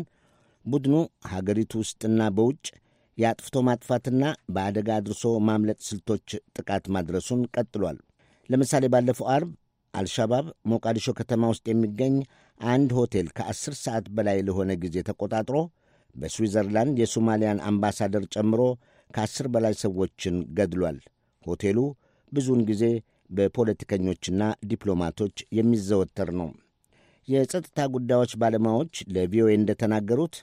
ቡድኑ ሀገሪቱ ውስጥና በውጭ የአጥፍቶ ማጥፋትና በአደጋ አድርሶ ማምለጥ ስልቶች ጥቃት ማድረሱን ቀጥሏል። ለምሳሌ ባለፈው አርብ አልሻባብ ሞቃዲሾ ከተማ ውስጥ የሚገኝ አንድ ሆቴል ከ10 ሰዓት በላይ ለሆነ ጊዜ ተቆጣጥሮ በስዊዘርላንድ የሶማሊያን አምባሳደር ጨምሮ ከ10 በላይ ሰዎችን ገድሏል። ሆቴሉ ብዙውን ጊዜ በፖለቲከኞችና ዲፕሎማቶች የሚዘወተር ነው። የጸጥታ ጉዳዮች ባለሙያዎች ለቪኦኤ እንደተናገሩት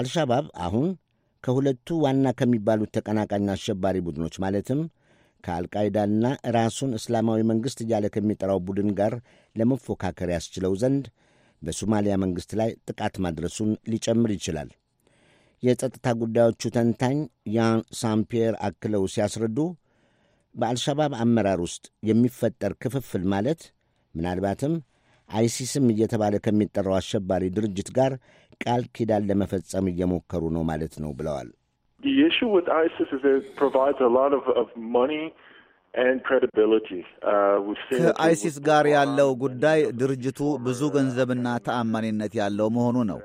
አልሻባብ አሁን ከሁለቱ ዋና ከሚባሉት ተቀናቃኝ አሸባሪ ቡድኖች ማለትም ከአልቃይዳና ራሱን እስላማዊ መንግሥት እያለ ከሚጠራው ቡድን ጋር ለመፎካከር ያስችለው ዘንድ በሶማሊያ መንግሥት ላይ ጥቃት ማድረሱን ሊጨምር ይችላል። የጸጥታ ጉዳዮቹ ተንታኝ ያን ሳምፒየር አክለው ሲያስረዱ በአልሻባብ አመራር ውስጥ የሚፈጠር ክፍፍል ማለት ምናልባትም አይሲስም እየተባለ ከሚጠራው አሸባሪ ድርጅት ጋር ቃል ኪዳን ለመፈጸም እየሞከሩ ነው ማለት ነው ብለዋል። the issue with ISIS is it provides a lot of, of money uh, ከአይሲስ ጋር ያለው ጉዳይ ድርጅቱ ብዙ ገንዘብና ተአማኒነት ያለው መሆኑ ነው።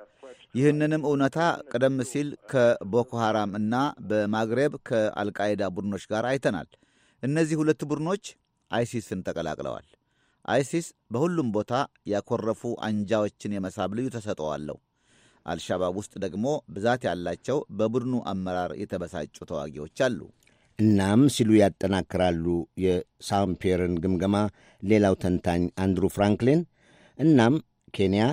ይህንንም እውነታ ቀደም ሲል ከቦኮ ሐራም እና በማግሬብ ከአልቃይዳ ቡድኖች ጋር አይተናል። እነዚህ ሁለት ቡድኖች አይሲስን ተቀላቅለዋል። አይሲስ በሁሉም ቦታ ያኮረፉ አንጃዎችን የመሳብ ልዩ ተሰጥኦ አልሻባብ ውስጥ ደግሞ ብዛት ያላቸው በቡድኑ አመራር የተበሳጩ ተዋጊዎች አሉ። እናም ሲሉ ያጠናክራሉ የሳምፔርን ግምገማ ሌላው ተንታኝ አንድሩ ፍራንክሊን። እናም ኬንያ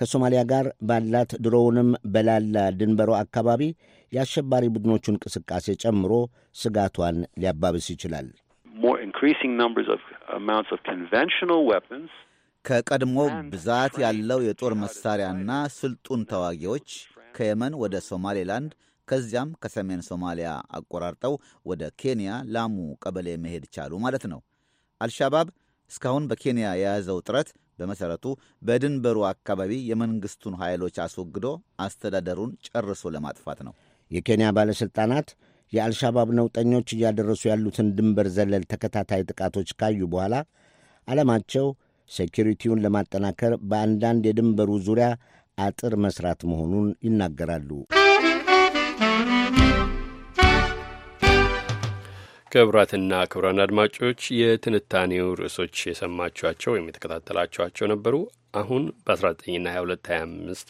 ከሶማሊያ ጋር ባላት ድሮውንም በላላ ድንበሯ አካባቢ የአሸባሪ ቡድኖቹ እንቅስቃሴ ጨምሮ ስጋቷን ሊያባብስ ይችላል። ከቀድሞ ብዛት ያለው የጦር መሳሪያና ስልጡን ተዋጊዎች ከየመን ወደ ሶማሌላንድ ከዚያም ከሰሜን ሶማሊያ አቆራርጠው ወደ ኬንያ ላሙ ቀበሌ መሄድ ቻሉ ማለት ነው። አልሻባብ እስካሁን በኬንያ የያዘው ጥረት በመሠረቱ በድንበሩ አካባቢ የመንግሥቱን ኃይሎች አስወግዶ አስተዳደሩን ጨርሶ ለማጥፋት ነው። የኬንያ ባለሥልጣናት የአልሻባብ ነውጠኞች እያደረሱ ያሉትን ድንበር ዘለል ተከታታይ ጥቃቶች ካዩ በኋላ ዓለማቸው ሴኪሪቲውን ለማጠናከር በአንዳንድ የድንበሩ ዙሪያ አጥር መስራት መሆኑን ይናገራሉ። ክቡራትና ክቡራን አድማጮች የትንታኔው ርዕሶች የሰማችኋቸው ወይም የተከታተላችኋቸው ነበሩ። አሁን በ19ና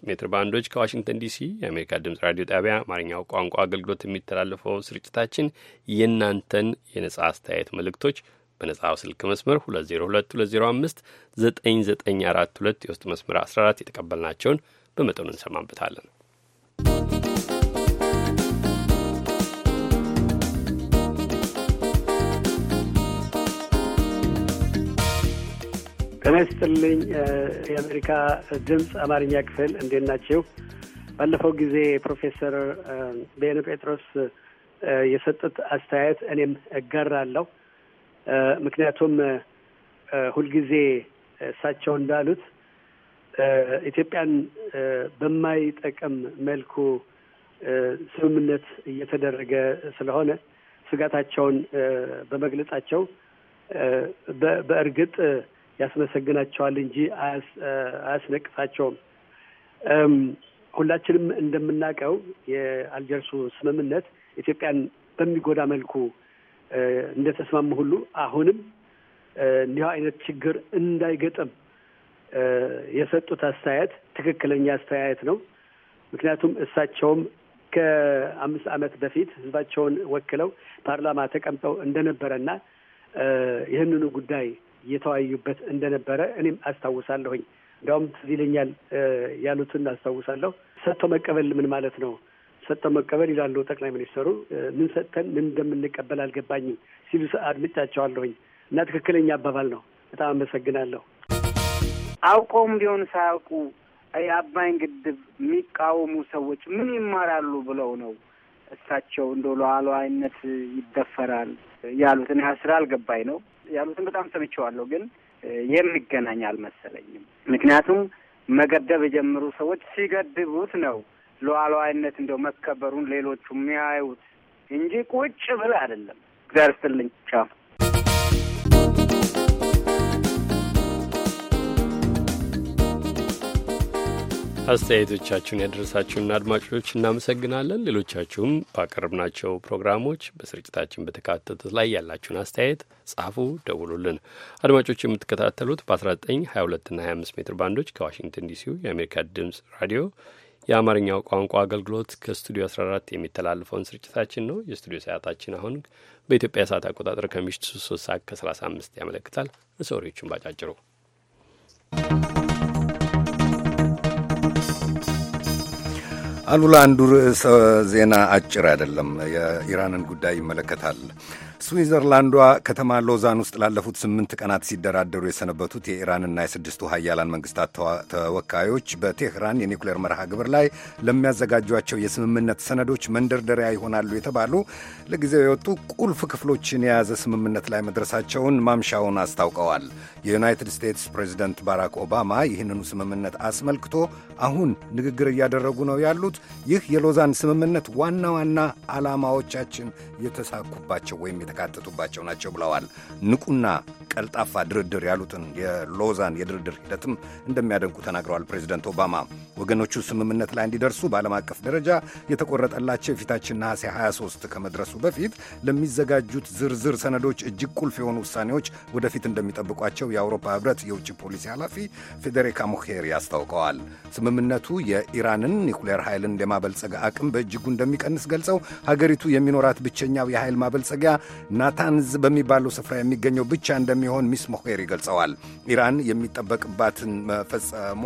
ሜትር ባንዶች ከዋሽንግተን ዲሲ የአሜሪካ ድምፅ ራዲዮ ጣቢያ አማርኛው ቋንቋ አገልግሎት የሚተላለፈው ስርጭታችን የእናንተን የነጻ አስተያየት መልእክቶች በነጻው ስልክ መስመር 2022059942 የውስጥ መስመር 14 የተቀበልናቸውን በመጠኑ እንሰማንበታለን። ጤና ይስጥልኝ። የአሜሪካ ድምፅ አማርኛ ክፍል እንዴት ናቸው? ባለፈው ጊዜ ፕሮፌሰር ቤነ ጴጥሮስ የሰጡት አስተያየት እኔም እጋራለሁ። ምክንያቱም ሁልጊዜ እሳቸው እንዳሉት ኢትዮጵያን በማይጠቅም መልኩ ስምምነት እየተደረገ ስለሆነ ስጋታቸውን በመግለጻቸው በእርግጥ ያስመሰግናቸዋል እንጂ አያስነቅፋቸውም። ሁላችንም እንደምናውቀው የአልጀርሱ ስምምነት ኢትዮጵያን በሚጎዳ መልኩ እንደተስማሙ ሁሉ አሁንም እንዲህ አይነት ችግር እንዳይገጥም የሰጡት አስተያየት ትክክለኛ አስተያየት ነው። ምክንያቱም እሳቸውም ከአምስት ዓመት በፊት ህዝባቸውን ወክለው ፓርላማ ተቀምጠው እንደነበረና ይህንኑ ጉዳይ እየተወያዩበት እንደነበረ እኔም አስታውሳለሁኝ። እንዲያውም ትዝ ይለኛል ያሉትን አስታውሳለሁ። ሰጥቶ መቀበል ምን ማለት ነው? ሰጠው መቀበል ይላሉ ጠቅላይ ሚኒስትሩ። ምን ሰጥተን ምን እንደምንቀበል አልገባኝም ሲሉ አድምጫቸዋለሁኝ እና ትክክለኛ አባባል ነው። በጣም አመሰግናለሁ። አውቀውም ቢሆን ሳያውቁ የአባይን ግድብ የሚቃወሙ ሰዎች ምን ይማራሉ ብለው ነው እሳቸው እንደ ሉዓላዊነት ይደፈራል ያሉትን ያህል ስራ አልገባኝ ነው ያሉትን በጣም ሰምቼዋለሁ፣ ግን የሚገናኝ አልመሰለኝም። ምክንያቱም መገደብ የጀመሩ ሰዎች ሲገድቡት ነው ሉዓላዊነት እንደው መከበሩን ሌሎቹ የሚያዩት እንጂ ቁጭ ብል አይደለም። እግዚአብሔር ይስጥልኝ። ቻው። አስተያየቶቻችሁን ያደረሳችሁን አድማጮች እናመሰግናለን። ሌሎቻችሁም ባቀረብናቸው ፕሮግራሞች በስርጭታችን በተካተቱት ላይ ያላችሁን አስተያየት ጻፉ፣ ደውሉልን። አድማጮች የምትከታተሉት በ19፣ 22ና 25 ሜትር ባንዶች ከዋሽንግተን ዲሲው የአሜሪካ ድምፅ ራዲዮ የአማርኛው ቋንቋ አገልግሎት ከስቱዲዮ 14 የሚተላለፈውን ስርጭታችን ነው። የስቱዲዮ ሰዓታችን አሁን በኢትዮጵያ ሰዓት አቆጣጠር ከምሽቱ 3 ሰዓት ከ35 ያመለክታል። ርሰሪዎቹን ባጫጭሩ አሉላ አንዱ ርዕሰ ዜና አጭር አይደለም፣ የኢራንን ጉዳይ ይመለከታል። ስዊዘርላንዷ ከተማ ሎዛን ውስጥ ላለፉት ስምንት ቀናት ሲደራደሩ የሰነበቱት የኢራንና የስድስቱ ሀያላን መንግስታት ተወካዮች በቴህራን የኒውክሌር መርሃ ግብር ላይ ለሚያዘጋጇቸው የስምምነት ሰነዶች መንደርደሪያ ይሆናሉ የተባሉ ለጊዜው የወጡ ቁልፍ ክፍሎችን የያዘ ስምምነት ላይ መድረሳቸውን ማምሻውን አስታውቀዋል። የዩናይትድ ስቴትስ ፕሬዚደንት ባራክ ኦባማ ይህንኑ ስምምነት አስመልክቶ አሁን ንግግር እያደረጉ ነው ያሉት ይህ የሎዛን ስምምነት ዋና ዋና ዓላማዎቻችን የተሳኩባቸው ወይም የተካተቱባቸው ናቸው ብለዋል። ንቁና ቀልጣፋ ድርድር ያሉትን የሎዛን የድርድር ሂደትም እንደሚያደንቁ ተናግረዋል። ፕሬዚደንት ኦባማ ወገኖቹ ስምምነት ላይ እንዲደርሱ በዓለም አቀፍ ደረጃ የተቆረጠላቸው የፊታችን ነሐሴ 23 ከመድረሱ በፊት ለሚዘጋጁት ዝርዝር ሰነዶች እጅግ ቁልፍ የሆኑ ውሳኔዎች ወደፊት እንደሚጠብቋቸው የአውሮፓ ህብረት የውጭ ፖሊሲ ኃላፊ ፌዴሪካ ሞሄሪ አስታውቀዋል። ስምምነቱ የኢራንን ኒኩሌር ኃይልን የማበልጸግ አቅም በእጅጉ እንደሚቀንስ ገልጸው ሀገሪቱ የሚኖራት ብቸኛው የኃይል ማበልጸጊያ ናታንዝ በሚባለው ስፍራ የሚገኘው ብቻ እንደሚሆን ሚስ ሞሄሪ ገልጸዋል። ኢራን የሚጠበቅባትን መፈጸሟ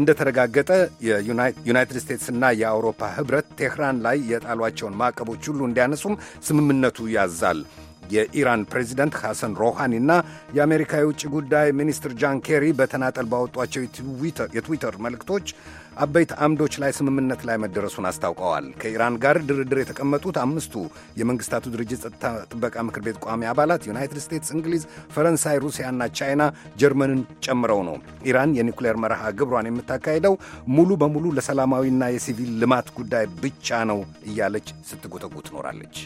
እንደተረጋገጠ የዩናይትድ ስቴትስና የአውሮፓ ህብረት ቴህራን ላይ የጣሏቸውን ማዕቀቦች ሁሉ እንዲያነሱም ስምምነቱ ያዛል። የኢራን ፕሬዚደንት ሐሰን ሮሃኒ እና የአሜሪካ የውጭ ጉዳይ ሚኒስትር ጃን ኬሪ በተናጠል ባወጧቸው የትዊተር መልእክቶች አበይት አምዶች ላይ ስምምነት ላይ መደረሱን አስታውቀዋል። ከኢራን ጋር ድርድር የተቀመጡት አምስቱ የመንግስታቱ ድርጅት ጸጥታ ጥበቃ ምክር ቤት ቋሚ አባላት ዩናይትድ ስቴትስ፣ እንግሊዝ፣ ፈረንሳይ፣ ሩሲያና ቻይና ጀርመንን ጨምረው ነው። ኢራን የኒውክሌር መርሃ ግብሯን የምታካሄደው ሙሉ በሙሉ ለሰላማዊና የሲቪል ልማት ጉዳይ ብቻ ነው እያለች ስትጎተጉ ትኖራለች።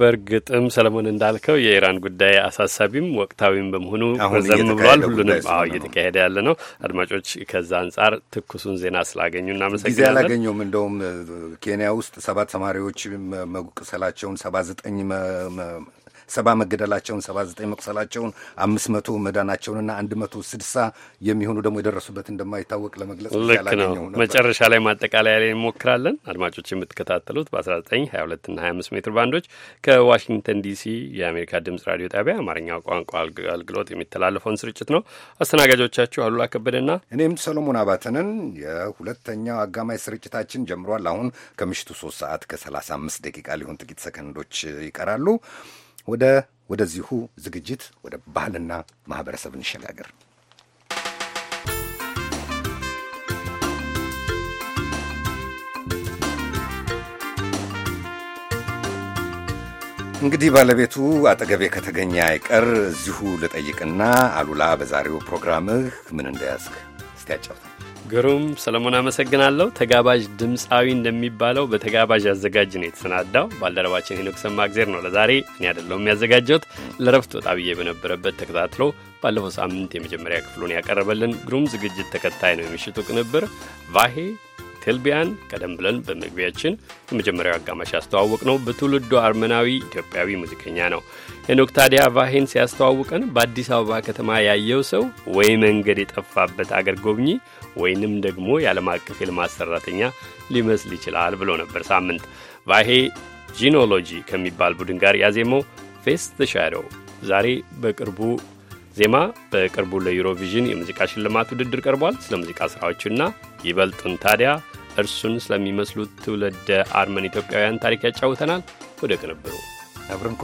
በእርግጥም ሰለሞን እንዳልከው የኢራን ጉዳይ አሳሳቢም ወቅታዊም በመሆኑ ዘም ብሏል። ሁሉንም አዎ እየተካሄደ ያለ ነው። አድማጮች ከዛ አንጻር ትኩሱን ዜና ስላገኙ እናመሰግናለን። ጊዜ አላገኘውም። እንደውም ኬንያ ውስጥ ሰባት ተማሪዎች መቁሰላቸውን ሰባ ዘጠኝ ሰባ መገደላቸውን፣ ሰባ ዘጠኝ መቁሰላቸውን፣ አምስት መቶ መዳናቸውንና አንድ መቶ ስድሳ የሚሆኑ ደግሞ የደረሱበት እንደማይታወቅ ለመግለጽ ልክ ነው። መጨረሻ ላይ ማጠቃለያ ላይ እንሞክራለን። አድማጮች የምትከታተሉት በ19፣ 22ና 25 ሜትር ባንዶች ከዋሽንግተን ዲሲ የአሜሪካ ድምጽ ራዲዮ ጣቢያ አማርኛ ቋንቋ አገልግሎት የሚተላለፈውን ስርጭት ነው። አስተናጋጆቻችሁ አሉላ ከበደና እኔም ሰሎሞን አባተንን የሁለተኛው አጋማሽ ስርጭታችን ጀምሯል። አሁን ከምሽቱ ሶስት ሰዓት ከ35 ደቂቃ ሊሆን ጥቂት ሰከንዶች ይቀራሉ። ወደ ወደዚሁ ዝግጅት ወደ ባህልና ማህበረሰብ እንሸጋገር። እንግዲህ ባለቤቱ አጠገቤ ከተገኘ አይቀር እዚሁ ልጠይቅና፣ አሉላ በዛሬው ፕሮግራምህ ምን እንደያዝክ እስቲ ያጫውታል። ግሩም ሰለሞን አመሰግናለሁ። ተጋባዥ ድምፃዊ እንደሚባለው በተጋባዥ አዘጋጅ ነው የተሰናዳው። ባልደረባችን ሄኖክ ሰማእግዜር ነው ለዛሬ እኔ አይደለሁም የሚያዘጋጀውት ለረፍት ወጣ ብዬ በነበረበት ተከታትሎ ባለፈው ሳምንት የመጀመሪያ ክፍሉን ያቀረበልን ግሩም ዝግጅት ተከታይ ነው የምሽቱ ቅንብር ቫሄ ቴልቢያን ቀደም ብለን በመግቢያችን የመጀመሪያው አጋማሽ ያስተዋውቅ ነው። በትውልዱ አርመናዊ ኢትዮጵያዊ ሙዚቀኛ ነው። ሄኖክ ታዲያ ቫሄን ሲያስተዋውቀን በአዲስ አበባ ከተማ ያየው ሰው ወይ መንገድ የጠፋበት አገር ጎብኚ ወይንም ደግሞ የዓለም አቀፍ የልማት ሠራተኛ ሊመስል ይችላል ብሎ ነበር። ሳምንት ቫሄ ጂኖሎጂ ከሚባል ቡድን ጋር ያዜመው ፌስ ዘ ሻዶው ዛሬ በቅርቡ ዜማ በቅርቡ ለዩሮቪዥን የሙዚቃ ሽልማት ውድድር ቀርቧል። ስለ ሙዚቃ ሥራዎቹና ይበልጡን ታዲያ እርሱን ስለሚመስሉት ትውልደ አርመን ኢትዮጵያውያን ታሪክ ያጫውተናል። ወደ ቅንብሩ አብረን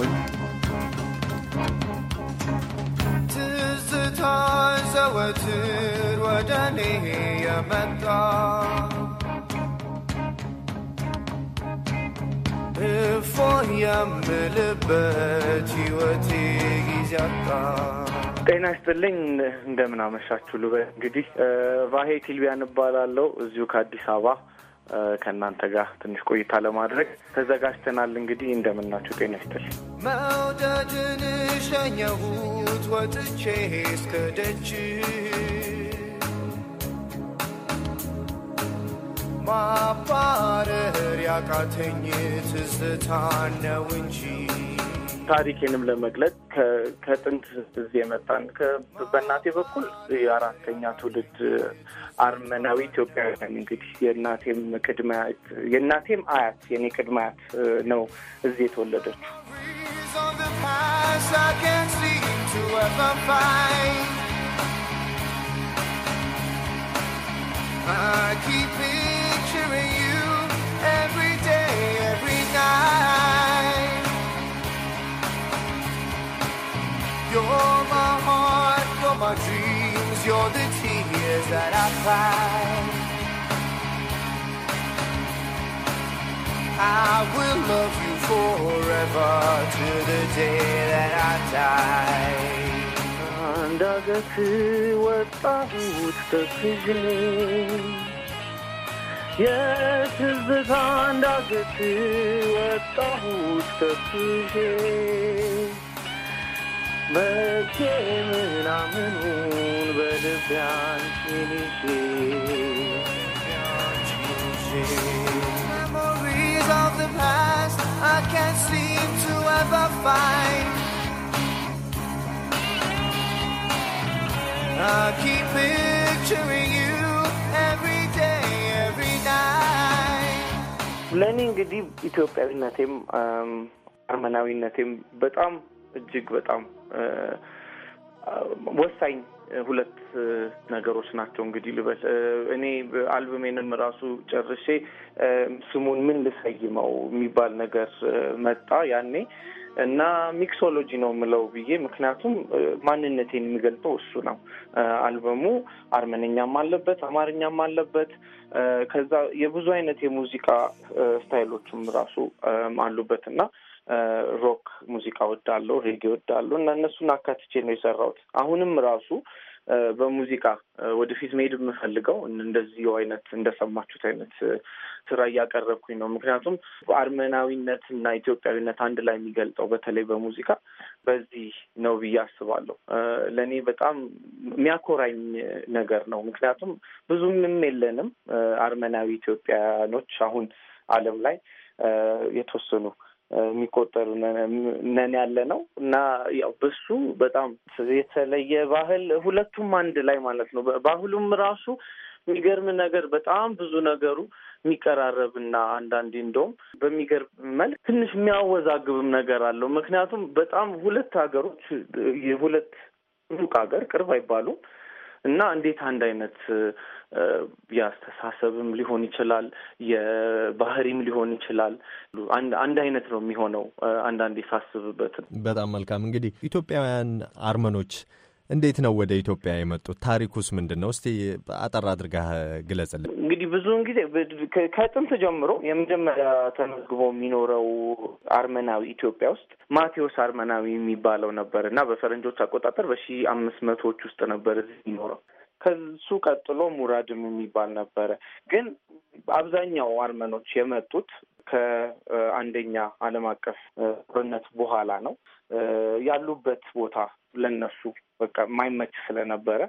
ዘወትር ወደ እኔ የመጣ እፎ የምልበት ሕይወቴ ጊዜ ጤና ይስጥልኝ እንደምን አመሻችሁ ልበል። እንግዲህ ቫሄ ቲልቢያን እባላለሁ እዚሁ ከአዲስ አበባ ከእናንተ ጋር ትንሽ ቆይታ ለማድረግ ተዘጋጅተናል። እንግዲህ እንደምናችሁ ጤና ይስጥልኝ። መውደድን ሸኘሁት ወጥቼ እስከ ደጅ ማባረር ያቃተኝ ትዝታ ነው እንጂ ታሪኬንም ለመግለጽ ከጥንት እዚህ የመጣን በእናቴ በኩል የአራተኛ ትውልድ አርመናዊ ኢትዮጵያውያን እንግዲህ የእናቴም ቅድመ የእናቴም አያት የኔ ቅድመ አያት ነው እዚህ የተወለደችው። I keep picturing you every day, every night. You're my heart, you're my dreams, you're the tears that I cry. I will love you forever to the day that I die. Yes, is the conduct to a thought of መቼ ምናምኑን በልቤ አንቺን ይዤ Memories of the past I can't seem to ever find I keep picturing you every day, every night ለእኔ እንግዲህ ኢትዮጵያዊነቴም አርመናዊነቴም በጣም እጅግ በጣም ወሳኝ ሁለት ነገሮች ናቸው። እንግዲህ ልበል እኔ አልበሜንም ራሱ ጨርሼ ስሙን ምን ልሰይመው የሚባል ነገር መጣ ያኔ እና ሚክሶሎጂ ነው የምለው ብዬ ምክንያቱም ማንነቴን የሚገልጠው እሱ ነው። አልበሙ አርመንኛም አለበት፣ አማርኛም አለበት። ከዛ የብዙ አይነት የሙዚቃ ስታይሎችም ራሱ አሉበት እና ሮክ ሙዚቃ ወዳለው ሬጌ ወዳለው እና እነሱን አካትቼ ነው የሰራሁት። አሁንም ራሱ በሙዚቃ ወደፊት መሄድ የምፈልገው እንደዚሁ አይነት እንደሰማችሁት አይነት ስራ እያቀረብኩኝ ነው። ምክንያቱም አርመናዊነት እና ኢትዮጵያዊነት አንድ ላይ የሚገልጠው በተለይ በሙዚቃ በዚህ ነው ብዬ አስባለሁ። ለእኔ በጣም የሚያኮራኝ ነገር ነው። ምክንያቱም ብዙምም የለንም አርመናዊ ኢትዮጵያኖች አሁን ዓለም ላይ የተወሰኑ የሚቆጠር ነን ያለ ነው እና ያው በሱ በጣም የተለየ ባህል ሁለቱም አንድ ላይ ማለት ነው። ባህሉም ራሱ የሚገርም ነገር በጣም ብዙ ነገሩ የሚቀራረብ እና አንዳንዴ እንደውም በሚገርም መልክ ትንሽ የሚያወዛግብም ነገር አለው። ምክንያቱም በጣም ሁለት ሀገሮች የሁለት ሩቅ ሀገር ቅርብ አይባሉም እና እንዴት አንድ አይነት የአስተሳሰብም ሊሆን ይችላል፣ የባህሪም ሊሆን ይችላል። አንድ አይነት ነው የሚሆነው አንዳንዴ ሳስብበት። በጣም መልካም እንግዲህ ኢትዮጵያውያን አርመኖች እንዴት ነው ወደ ኢትዮጵያ የመጡት? ታሪኩስ ምንድን ነው? እስቲ አጠር አድርጋህ ግለጽልን። እንግዲህ ብዙውን ጊዜ ከጥንት ጀምሮ የመጀመሪያ ተመዝግቦ የሚኖረው አርመናዊ ኢትዮጵያ ውስጥ ማቴዎስ አርመናዊ የሚባለው ነበር እና በፈረንጆች አቆጣጠር በሺ አምስት መቶዎች ውስጥ ነበር እዚህ የሚኖረው። ከሱ ቀጥሎ ሙራድም የሚባል ነበረ። ግን አብዛኛው አርመኖች የመጡት ከአንደኛ ዓለም አቀፍ ጦርነት በኋላ ነው። ያሉበት ቦታ ለነሱ በቃ የማይመች ስለነበረ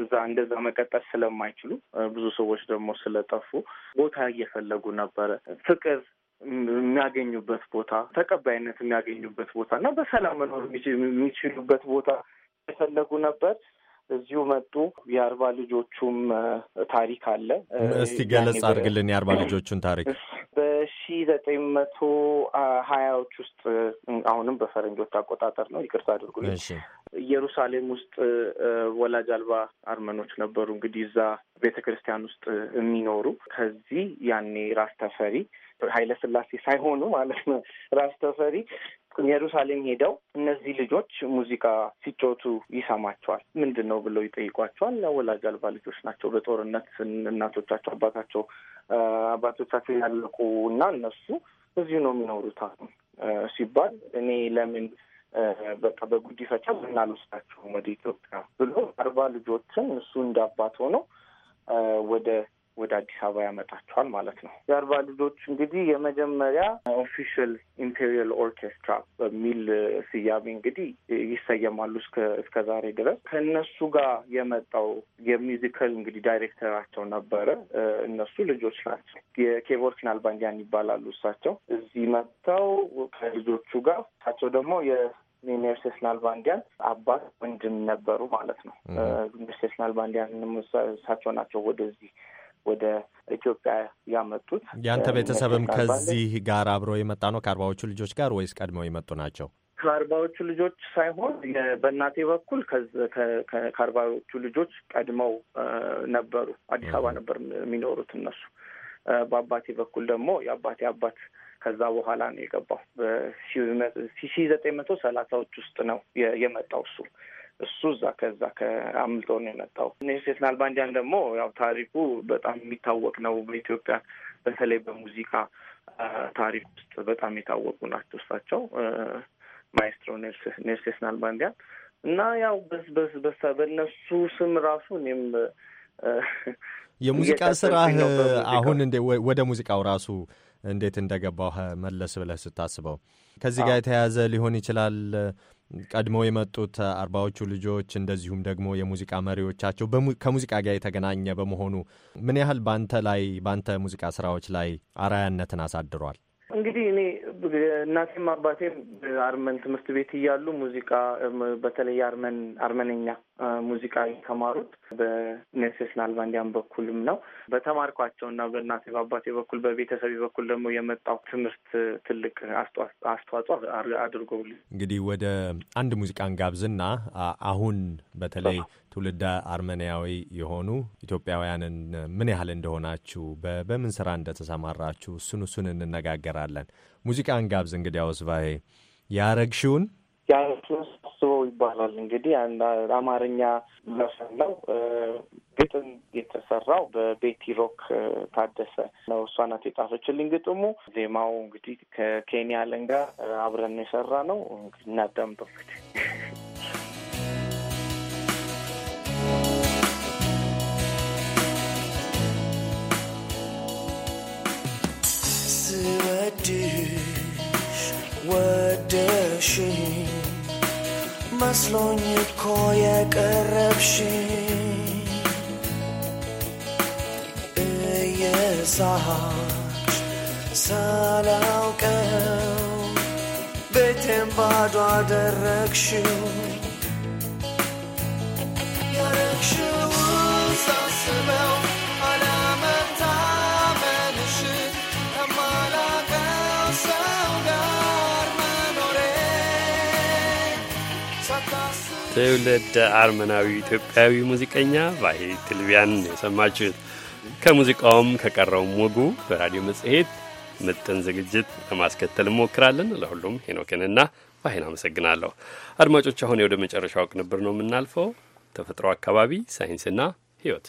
እዛ እንደዛ መቀጠል ስለማይችሉ ብዙ ሰዎች ደግሞ ስለጠፉ ቦታ እየፈለጉ ነበረ ፍቅር የሚያገኙበት ቦታ፣ ተቀባይነት የሚያገኙበት ቦታ እና በሰላም መኖር የሚችሉበት ቦታ የፈለጉ ነበር። እዚሁ መጡ። የአርባ ልጆቹም ታሪክ አለ። እስቲ ገለጽ አድርግልን የአርባ ልጆቹን ታሪክ። በሺ ዘጠኝ መቶ ሀያዎች ውስጥ አሁንም በፈረንጆች አቆጣጠር ነው፣ ይቅርታ አድርጉልኝ። ኢየሩሳሌም ውስጥ ወላጅ አልባ አርመኖች ነበሩ። እንግዲህ እዛ ቤተ ክርስቲያን ውስጥ የሚኖሩ ከዚህ ያኔ ራስ ተፈሪ ኃይለ ስላሴ ሳይሆኑ ማለት ነው ራስ ተፈሪ ኢየሩሳሌም ሄደው እነዚህ ልጆች ሙዚቃ ሲጮቱ ይሰማቸዋል። ምንድን ነው ብለው ይጠይቋቸዋል። ወላጅ አልባ ልጆች ናቸው። በጦርነት እናቶቻቸው አባታቸው አባቶቻቸው ያለቁ እና እነሱ እዚሁ ነው የሚኖሩት ሲባል እኔ ለምን በቃ በጉዲፈቻ ብናልወስዳቸውም ወደ ኢትዮጵያ ብሎ አርባ ልጆችን እሱ እንደ አባት ሆኖ ወደ ወደ አዲስ አበባ ያመጣቸዋል ማለት ነው። የአርባ ልጆች እንግዲህ የመጀመሪያ ኦፊሻል ኢምፔሪያል ኦርኬስትራ በሚል ስያሜ እንግዲህ ይሰየማሉ እስከ ዛሬ ድረስ። ከእነሱ ጋር የመጣው የሚውዚካል እንግዲህ ዳይሬክተራቸው ነበረ። እነሱ ልጆች ናቸው። የኬቮርክ ናልባንዲያን ይባላሉ። እሳቸው እዚህ መጥተው ከልጆቹ ጋር እሳቸው ደግሞ የሜርሴስ ናልባንዲያን አባት ወንድም ነበሩ ማለት ነው። ሜርሴስ ናልባንዲያን እሳቸው ናቸው ወደዚህ ወደ ኢትዮጵያ ያመጡት። ያንተ ቤተሰብም ከዚህ ጋር አብረው የመጣ ነው ከአርባዎቹ ልጆች ጋር ወይስ ቀድመው የመጡ ናቸው? ከአርባዎቹ ልጆች ሳይሆን በእናቴ በኩል ከአርባዎቹ ልጆች ቀድመው ነበሩ። አዲስ አበባ ነበር የሚኖሩት እነሱ። በአባቴ በኩል ደግሞ የአባቴ አባት ከዛ በኋላ ነው የገባው። በሺ ዘጠኝ መቶ ሰላሳዎች ውስጥ ነው የመጣው እሱ እሱ እዛ ከዛ ከአምልጦ ነው የመጣው። ኔልሰን አልባንዲያን ደግሞ ያው ታሪኩ በጣም የሚታወቅ ነው። በኢትዮጵያ በተለይ በሙዚቃ ታሪክ ውስጥ በጣም የታወቁ ናቸው እሳቸው ማኤስትሮ ኔልሰን አልባንዲያን እና ያው በስ በእነሱ ስም ራሱ እኔም የሙዚቃ ስራህ አሁን እንደ ወደ ሙዚቃው ራሱ እንዴት እንደገባው መለስ ብለህ ስታስበው ከዚህ ጋር የተያያዘ ሊሆን ይችላል። ቀድሞ የመጡት አርባዎቹ ልጆች እንደዚሁም ደግሞ የሙዚቃ መሪዎቻቸው ከሙዚቃ ጋር የተገናኘ በመሆኑ ምን ያህል ባንተ ላይ ባንተ ሙዚቃ ስራዎች ላይ አራያነትን አሳድሯል? እንግዲህ እኔ እናቴም አባቴም አርመን ትምህርት ቤት እያሉ ሙዚቃ በተለይ አርመን አርመነኛ ሙዚቃ የተማሩት በኔሴስ ናልባንዲያን በኩልም ነው በተማርኳቸው እና በእናቴ በአባቴ በኩል በቤተሰቤ በኩል ደግሞ የመጣው ትምህርት ትልቅ አስተዋጽኦ አድርገውልኝ እንግዲህ ወደ አንድ ሙዚቃን ጋብዝና አሁን በተለይ ትውልደ አርመንያዊ የሆኑ ኢትዮጵያውያንን ምን ያህል እንደሆናችሁ፣ በምን ስራ እንደተሰማራችሁ እሱን እሱን እንነጋገራለን። ሙዚቃን ጋብዝ። እንግዲህ አውስባሄ ያረግሽውን ያረግሽውን ሳስበው ይባላል። እንግዲህ አማርኛ ዘፈን ነው። ግጥም የተሰራው በቤቲ ሮክ ታደሰ ነው። እሷ ናት የጻፈችልኝ ግጥሙ። ዜማው እንግዲህ ከኬንያ ለን ጋር አብረን የሰራ ነው። እናዳምጠው እንግዲህ ስወድሽ ወደሽ መስሎኝ እኮ የቀረብሽ እየሳች ሳላውቀው ቤቴን ባዶ አደረግሽው ትውልድ አርመናዊ ኢትዮጵያዊ ሙዚቀኛ ቫሄ ትልቢያን የሰማችሁት። ከሙዚቃውም ከቀረውም ወጉ በራዲዮ መጽሔት ምጥን ዝግጅት ለማስከተል እንሞክራለን። ለሁሉም ሄኖክንና ቫሄን አመሰግናለሁ። አድማጮች፣ አሁን የወደ መጨረሻው ቅንብር ነው የምናልፈው። ተፈጥሮ አካባቢ ሳይንስና ሕይወት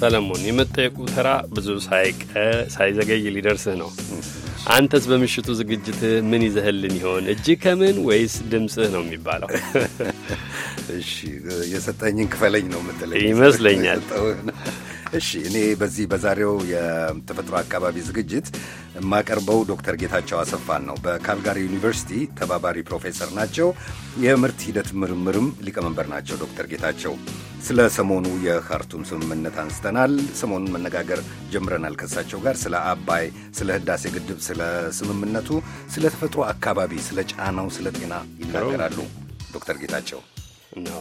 ሰለሞን የመጠየቁ ተራ ብዙ ሳይዘገይ ሊደርስህ ነው። አንተስ በምሽቱ ዝግጅትህ ምን ይዘህልን ይሆን? እጅ ከምን ወይስ ድምፅህ ነው የሚባለው? እሺ የሰጠኝን ክፈለኝ ነው የምትለኝ ይመስለኛል። እሺ እኔ በዚህ በዛሬው የተፈጥሮ አካባቢ ዝግጅት የማቀርበው ዶክተር ጌታቸው አሰፋን ነው። በካልጋሪ ዩኒቨርሲቲ ተባባሪ ፕሮፌሰር ናቸው። የምርት ሂደት ምርምርም ሊቀመንበር ናቸው። ዶክተር ጌታቸው ስለ ሰሞኑ የካርቱም ስምምነት አንስተናል። ሰሞኑን መነጋገር ጀምረናል ከእሳቸው ጋር ስለ አባይ፣ ስለ ህዳሴ ግድብ፣ ስለ ስምምነቱ፣ ስለ ተፈጥሮ አካባቢ፣ ስለ ጫናው፣ ስለ ጤና ይናገራሉ ዶክተር ጌታቸው ነው።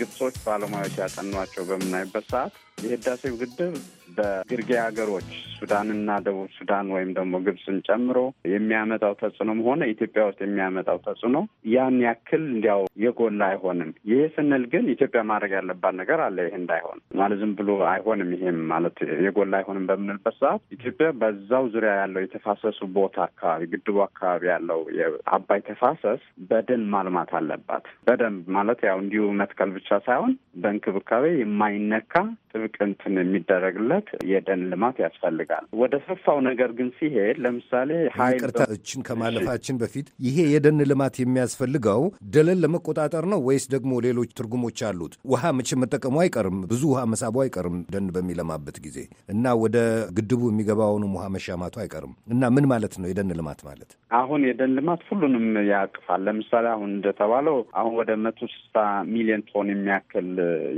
ግብጾች ባለሙያዎች ያጠኗቸው በምናይበት ሰዓት የህዳሴው ግድብ በግርጌ ሀገሮች ሱዳንና ደቡብ ሱዳን ወይም ደግሞ ግብፅን ጨምሮ የሚያመጣው ተጽዕኖም ሆነ ኢትዮጵያ ውስጥ የሚያመጣው ተጽዕኖ ያን ያክል እንዲያው የጎላ አይሆንም። ይሄ ስንል ግን ኢትዮጵያ ማድረግ ያለባት ነገር አለ። ይህ እንዳይሆን ማለት ዝም ብሎ አይሆንም። ይሄም ማለት የጎላ አይሆንም በምንልበት ሰዓት ኢትዮጵያ በዛው ዙሪያ ያለው የተፋሰሱ ቦታ አካባቢ፣ ግድቡ አካባቢ ያለው የአባይ ተፋሰስ በደንብ ማልማት አለባት። በደንብ ማለት ያው እንዲሁ መትከል ብቻ ሳይሆን በእንክብካቤ የማይነካ ጥብቅ እንትን የሚደረግለት የደን ልማት ያስፈልጋል። ወደ ሰፋው ነገር ግን ሲሄድ ለምሳሌ ሀይቅርታችን ከማለፋችን በፊት ይሄ የደን ልማት የሚያስፈልገው ደለል ለመቆጣጠር ነው ወይስ ደግሞ ሌሎች ትርጉሞች አሉት? ውሃ መቼ መጠቀሙ አይቀርም፣ ብዙ ውሃ መሳቡ አይቀርም ደን በሚለማበት ጊዜ እና ወደ ግድቡ የሚገባውንም ውሃ መሻማቱ አይቀርም እና ምን ማለት ነው የደን ልማት ማለት? አሁን የደን ልማት ሁሉንም ያቅፋል። ለምሳሌ አሁን እንደተባለው አሁን ወደ መቶ ስልሳ ሚሊዮን ቶን የሚያክል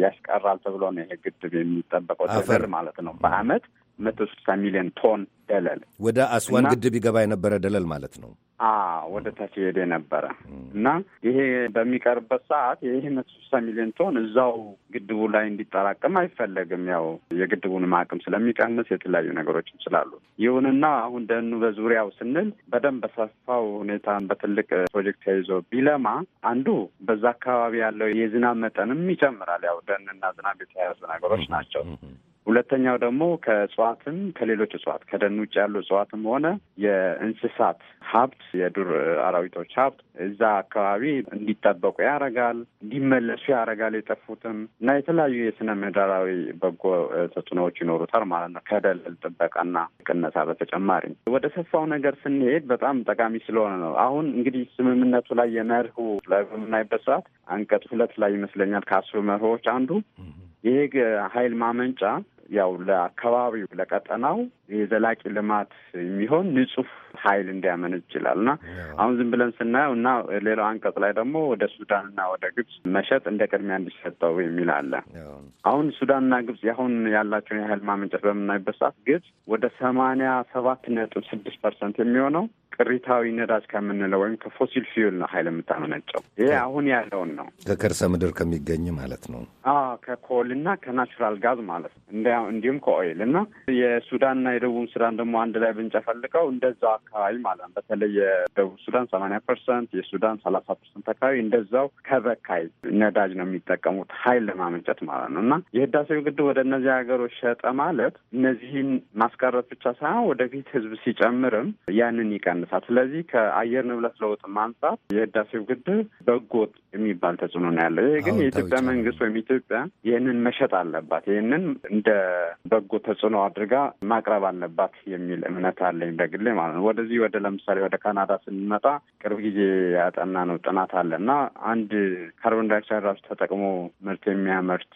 ያስቀራል ተብሎ ነው ይሄ ግድብ የሚጠበቀው ተገር ማለት ነው በአመት መቶ ስልሳ ሚሊዮን ቶን ደለል ወደ አስዋን ግድብ ይገባ የነበረ ደለል ማለት ነው። ወደ ታች ሄደ ነበረ እና ይሄ በሚቀርበት ሰዓት ይህ መቶ ስልሳ ሚሊዮን ቶን እዛው ግድቡ ላይ እንዲጠራቀም አይፈለግም። ያው የግድቡንም አቅም ስለሚቀንስ የተለያዩ ነገሮችም ስላሉ፣ ይሁንና አሁን ደኑ በዙሪያው ስንል በደንብ በሰፋው ሁኔታ በትልቅ ፕሮጀክት ተይዞ ቢለማ አንዱ በዛ አካባቢ ያለው የዝናብ መጠንም ይጨምራል። ያው ደንና ዝናብ የተያያዙ ነገሮች ናቸው። ሁለተኛው ደግሞ ከእጽዋትም ከሌሎች እጽዋት ከደን ውጭ ያሉ እጽዋትም ሆነ የእንስሳት ሀብት የዱር አራዊቶች ሀብት እዛ አካባቢ እንዲጠበቁ ያደርጋል፣ እንዲመለሱ ያደርጋል የጠፉትም እና የተለያዩ የስነ ምህዳራዊ በጎ ተጽዕኖዎች ይኖሩታል ማለት ነው። ከደለል ጥበቃና ቅነሳ በተጨማሪ ወደ ሰፋው ነገር ስንሄድ በጣም ጠቃሚ ስለሆነ ነው። አሁን እንግዲህ ስምምነቱ ላይ የመርሁ ላይ በምናይበት ሰዓት አንቀጽ ሁለት ላይ ይመስለኛል ከአስሩ መርሆች አንዱ ይሄ ኃይል ማመንጫ ያው ለአካባቢው ለቀጠናው የዘላቂ ልማት የሚሆን ንጹህ ኃይል እንዲያመነጭ ይችላል እና አሁን ዝም ብለን ስናየው እና ሌላው አንቀጽ ላይ ደግሞ ወደ ሱዳንና ወደ ግብጽ መሸጥ እንደ ቅድሚያ እንዲሰጠው የሚል አለ። አሁን ሱዳንና ግብጽ አሁን ያላቸውን የኃይል ማመንጨት በምናይበት ሰዓት ግብጽ ወደ ሰማንያ ሰባት ነጥብ ስድስት ፐርሰንት የሚሆነው ቅሪታዊ ነዳጅ ከምንለው ወይም ከፎሲል ፊውል ነው ኃይል የምታመነጨው። ይሄ አሁን ያለውን ነው ከከርሰ ምድር ከሚገኝ ማለት ነው። አዎ ከኮል እና ከናቹራል ጋዝ ማለት ነው። እንዲሁም ከኦይል እና የሱዳንና የደቡብ ሱዳን ደግሞ አንድ ላይ ብንጨፈልቀው እንደዛው አካባቢ ማለት ነው። በተለይ የደቡብ ሱዳን ሰማንያ ፐርሰንት የሱዳን ሰላሳ ፐርሰንት አካባቢ እንደዛው ከበካይ ነዳጅ ነው የሚጠቀሙት ኃይል ለማመንጨት ማለት ነው እና የህዳሴው ግድብ ወደ እነዚህ ሀገሮች ሸጠ ማለት እነዚህን ማስቀረት ብቻ ሳይሆን ወደፊት ህዝብ ሲጨምርም ያንን ይቀን ይቀንሳል። ስለዚህ ከአየር ንብረት ለውጥ ማንሳት የህዳሴው ግድብ በጎ የሚባል ተጽዕኖ ነው ያለው። ይህ ግን የኢትዮጵያ መንግስት ወይም ኢትዮጵያ ይህንን መሸጥ አለባት፣ ይህንን እንደ በጎ ተጽዕኖ አድርጋ ማቅረብ አለባት የሚል እምነት አለኝ በግሌ ማለት ነው። ወደዚህ ወደ ለምሳሌ ወደ ካናዳ ስንመጣ ቅርብ ጊዜ ያጠና ነው ጥናት አለ እና አንድ ካርቦን ዳይኦክሳይድ ራሱ ተጠቅሞ ምርት የሚያመርት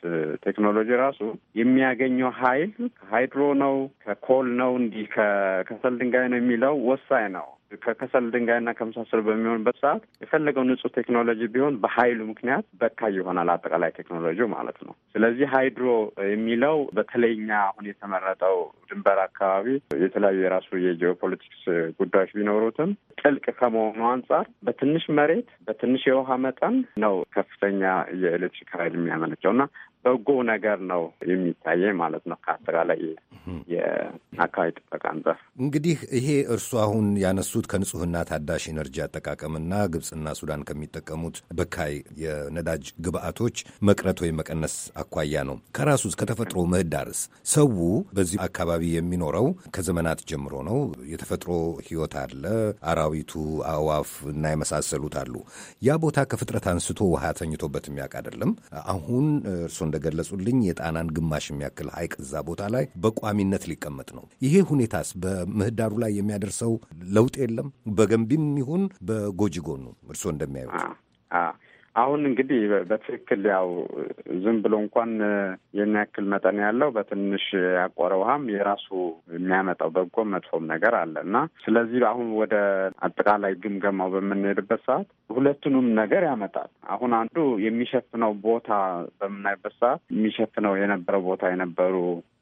ቴክኖሎጂ ራሱ የሚያገኘው ሀይል ከሃይድሮ ነው ከኮል ነው እንዲህ ከከሰል ድንጋይ ነው የሚለው ወሳኝ ነው። ከከሰል ድንጋይና ከመሳሰሉ በሚሆንበት ሰዓት የፈለገው ንጹህ ቴክኖሎጂ ቢሆን በሀይሉ ምክንያት በካይ ይሆናል አጠቃላይ ቴክኖሎጂ ማለት ነው። ስለዚህ ሃይድሮ የሚለው በተለይኛ አሁን የተመረጠው ድንበር አካባቢ የተለያዩ የራሱ የጂኦፖለቲክስ ጉዳዮች ቢኖሩትም ጥልቅ ከመሆኑ አንጻር በትንሽ መሬት በትንሽ የውሃ መጠን ነው ከፍተኛ የኤሌክትሪክ ኃይል የሚያመነጨው እና በጎ ነገር ነው የሚታየ ማለት ነው። ከአጠቃላይ የአካባቢ ጥበቃ አንጻር እንግዲህ ይሄ እርሱ አሁን ያነሱት ከንጹህና ታዳሽ ኤነርጂ አጠቃቀምና ግብፅና ሱዳን ከሚጠቀሙት በካይ የነዳጅ ግብአቶች መቅረት ወይም መቀነስ አኳያ ነው። ከራሱ ከተፈጥሮ ምህዳርስ ሰው በዚህ አካባቢ የሚኖረው ከዘመናት ጀምሮ ነው። የተፈጥሮ ህይወት አለ፣ አራዊቱ፣ አእዋፍ እና የመሳሰሉት አሉ። ያ ቦታ ከፍጥረት አንስቶ ውሃ ተኝቶበት የሚያውቅ አይደለም። አሁን እርሱ እንደገለጹልኝ የጣናን ግማሽ የሚያክል ሐይቅ እዛ ቦታ ላይ በቋሚነት ሊቀመጥ ነው። ይሄ ሁኔታስ በምህዳሩ ላይ የሚያደርሰው ለውጥ የለም፣ በገንቢም ይሁን በጎጂ ጎኑ እርስዎ እንደሚያዩት? አሁን እንግዲህ በትክክል ያው ዝም ብሎ እንኳን የሚያክል ያክል መጠን ያለው በትንሽ ያቆረ ውሃም የራሱ የሚያመጣው በጎ መጥፎም ነገር አለ እና ስለዚህ አሁን ወደ አጠቃላይ ግምገማው በምንሄድበት ሰዓት ሁለቱንም ነገር ያመጣል። አሁን አንዱ የሚሸፍነው ቦታ በምናይበት ሰዓት የሚሸፍነው የነበረው ቦታ የነበሩ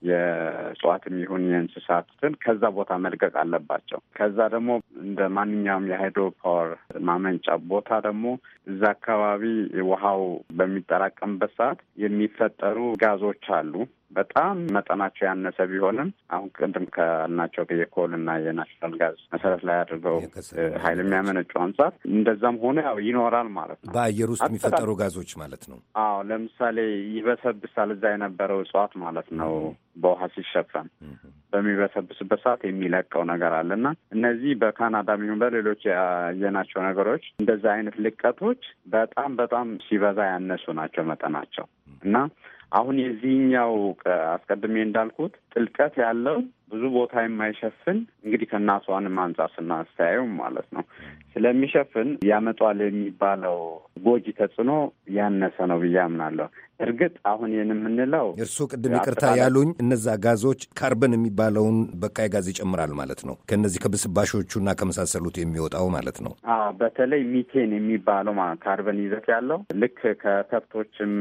የእጽዋትም ይሁን የእንስሳትን ከዛ ቦታ መልቀቅ አለባቸው። ከዛ ደግሞ እንደ ማንኛውም የሃይድሮ ፓወር ማመንጫ ቦታ ደግሞ እዛ አካባቢ ውሃው በሚጠራቀምበት ሰዓት የሚፈጠሩ ጋዞች አሉ። በጣም መጠናቸው ያነሰ ቢሆንም አሁን ቅድም ከናቸው የኮል እና የናሽናል ጋዝ መሰረት ላይ አድርገው ኃይል የሚያመነጩ አንጻር እንደዛም ሆነ ያው ይኖራል ማለት ነው። በአየር ውስጥ የሚፈጠሩ ጋዞች ማለት ነው። አዎ ለምሳሌ ይበሰብሳል እዛ የነበረው እጽዋት ማለት ነው። በውሃ ሲሸፈን በሚበሰብስበት ሰዓት የሚለቀው ነገር አለና እነዚህ በካናዳ ሚሆን በሌሎች ያየናቸው ነገሮች እንደዛ አይነት ልቀቶች በጣም በጣም ሲበዛ ያነሱ ናቸው መጠናቸው እና አሁን የዚህኛው አስቀድሜ እንዳልኩት ጥልቀት ያለው ብዙ ቦታ የማይሸፍን እንግዲህ ከእናቷንም አንጻር ስናስተያየው ማለት ነው ስለሚሸፍን ያመጧል የሚባለው ጎጂ ተጽዕኖ ያነሰ ነው ብዬ አምናለሁ። እርግጥ አሁን ይህን የምንለው እርሱ ቅድም ይቅርታ ያሉኝ እነዛ ጋዞች ካርበን የሚባለውን በቃይ ጋዝ ይጨምራል ማለት ነው። ከእነዚህ ከብስባሾቹና ከመሳሰሉት የሚወጣው ማለት ነው። በተለይ ሚቴን የሚባለው ካርበን ይዘት ያለው ልክ ከከብቶችም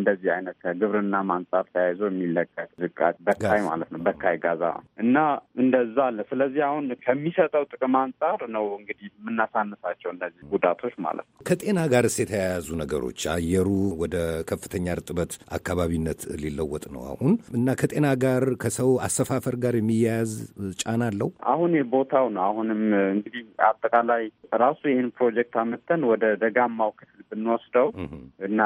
እንደዚህ አይነት ከግብርና ማንጻር ተያይዞ የሚለቀቅ ዝቃ በካይ ማለት ነው በካይ ጋዛ እና እንደዛ አለ። ስለዚህ አሁን ከሚሰጠው ጥቅም አንጻር ነው እንግዲህ የምናሳንሳቸው እነዚህ ጉዳቶች ማለት ነው። ከጤና ጋርስ የተያያዙ ነገሮች አየሩ ወደ ከፍተኛ እርጥበት አካባቢነት ሊለወጥ ነው አሁን እና ከጤና ጋር ከሰው አሰፋፈር ጋር የሚያያዝ ጫና አለው። አሁን ቦታው ነው አሁንም እንግዲህ አጠቃላይ ራሱ ይህን ፕሮጀክት አመተን ወደ ደጋማው ክፍል ብንወስደው እና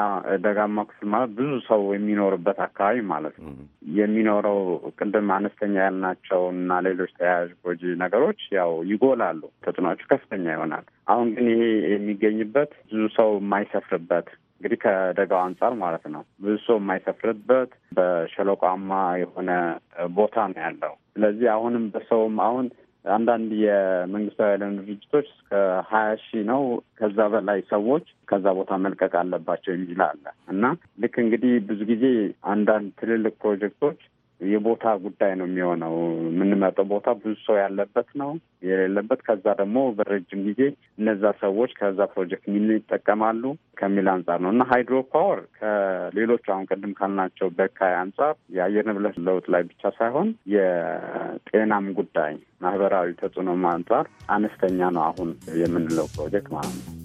ደጋማው ክፍል ማለት ብዙ ሰው የሚኖርበት አካባቢ ማለት ነው የሚኖረው ቅድም አነስተኛ ያልናቸው እና ሌሎች ተያያዥ ጎጂ ነገሮች ያው ይጎላሉ፣ ተጽዕኖአቸው ከፍተኛ ይሆናል። አሁን ግን ይሄ የሚገኝበት ብዙ ሰው የማይሰፍርበት እንግዲህ ከደጋው አንጻር ማለት ነው። ብዙ ሰው የማይሰፍርበት በሸለቋማ የሆነ ቦታ ነው ያለው። ስለዚህ አሁንም በሰውም አሁን አንዳንድ የመንግስታዊ ያለን ድርጅቶች እስከ ሀያ ሺህ ነው ከዛ በላይ ሰዎች ከዛ ቦታ መልቀቅ አለባቸው የሚል አለ እና ልክ እንግዲህ ብዙ ጊዜ አንዳንድ ትልልቅ ፕሮጀክቶች የቦታ ጉዳይ ነው የሚሆነው። የምንመርጠው ቦታ ብዙ ሰው ያለበት ነው የሌለበት፣ ከዛ ደግሞ በረጅም ጊዜ እነዛ ሰዎች ከዛ ፕሮጀክት ምን ይጠቀማሉ ከሚል አንጻር ነው እና ሃይድሮ ፓወር ከሌሎቹ አሁን ቅድም ካልናቸው በካይ አንጻር የአየር ንብረት ለውጥ ላይ ብቻ ሳይሆን የጤናም ጉዳይ ማህበራዊ ተጽዕኖ አንጻር አነስተኛ ነው አሁን የምንለው ፕሮጀክት ማለት ነው።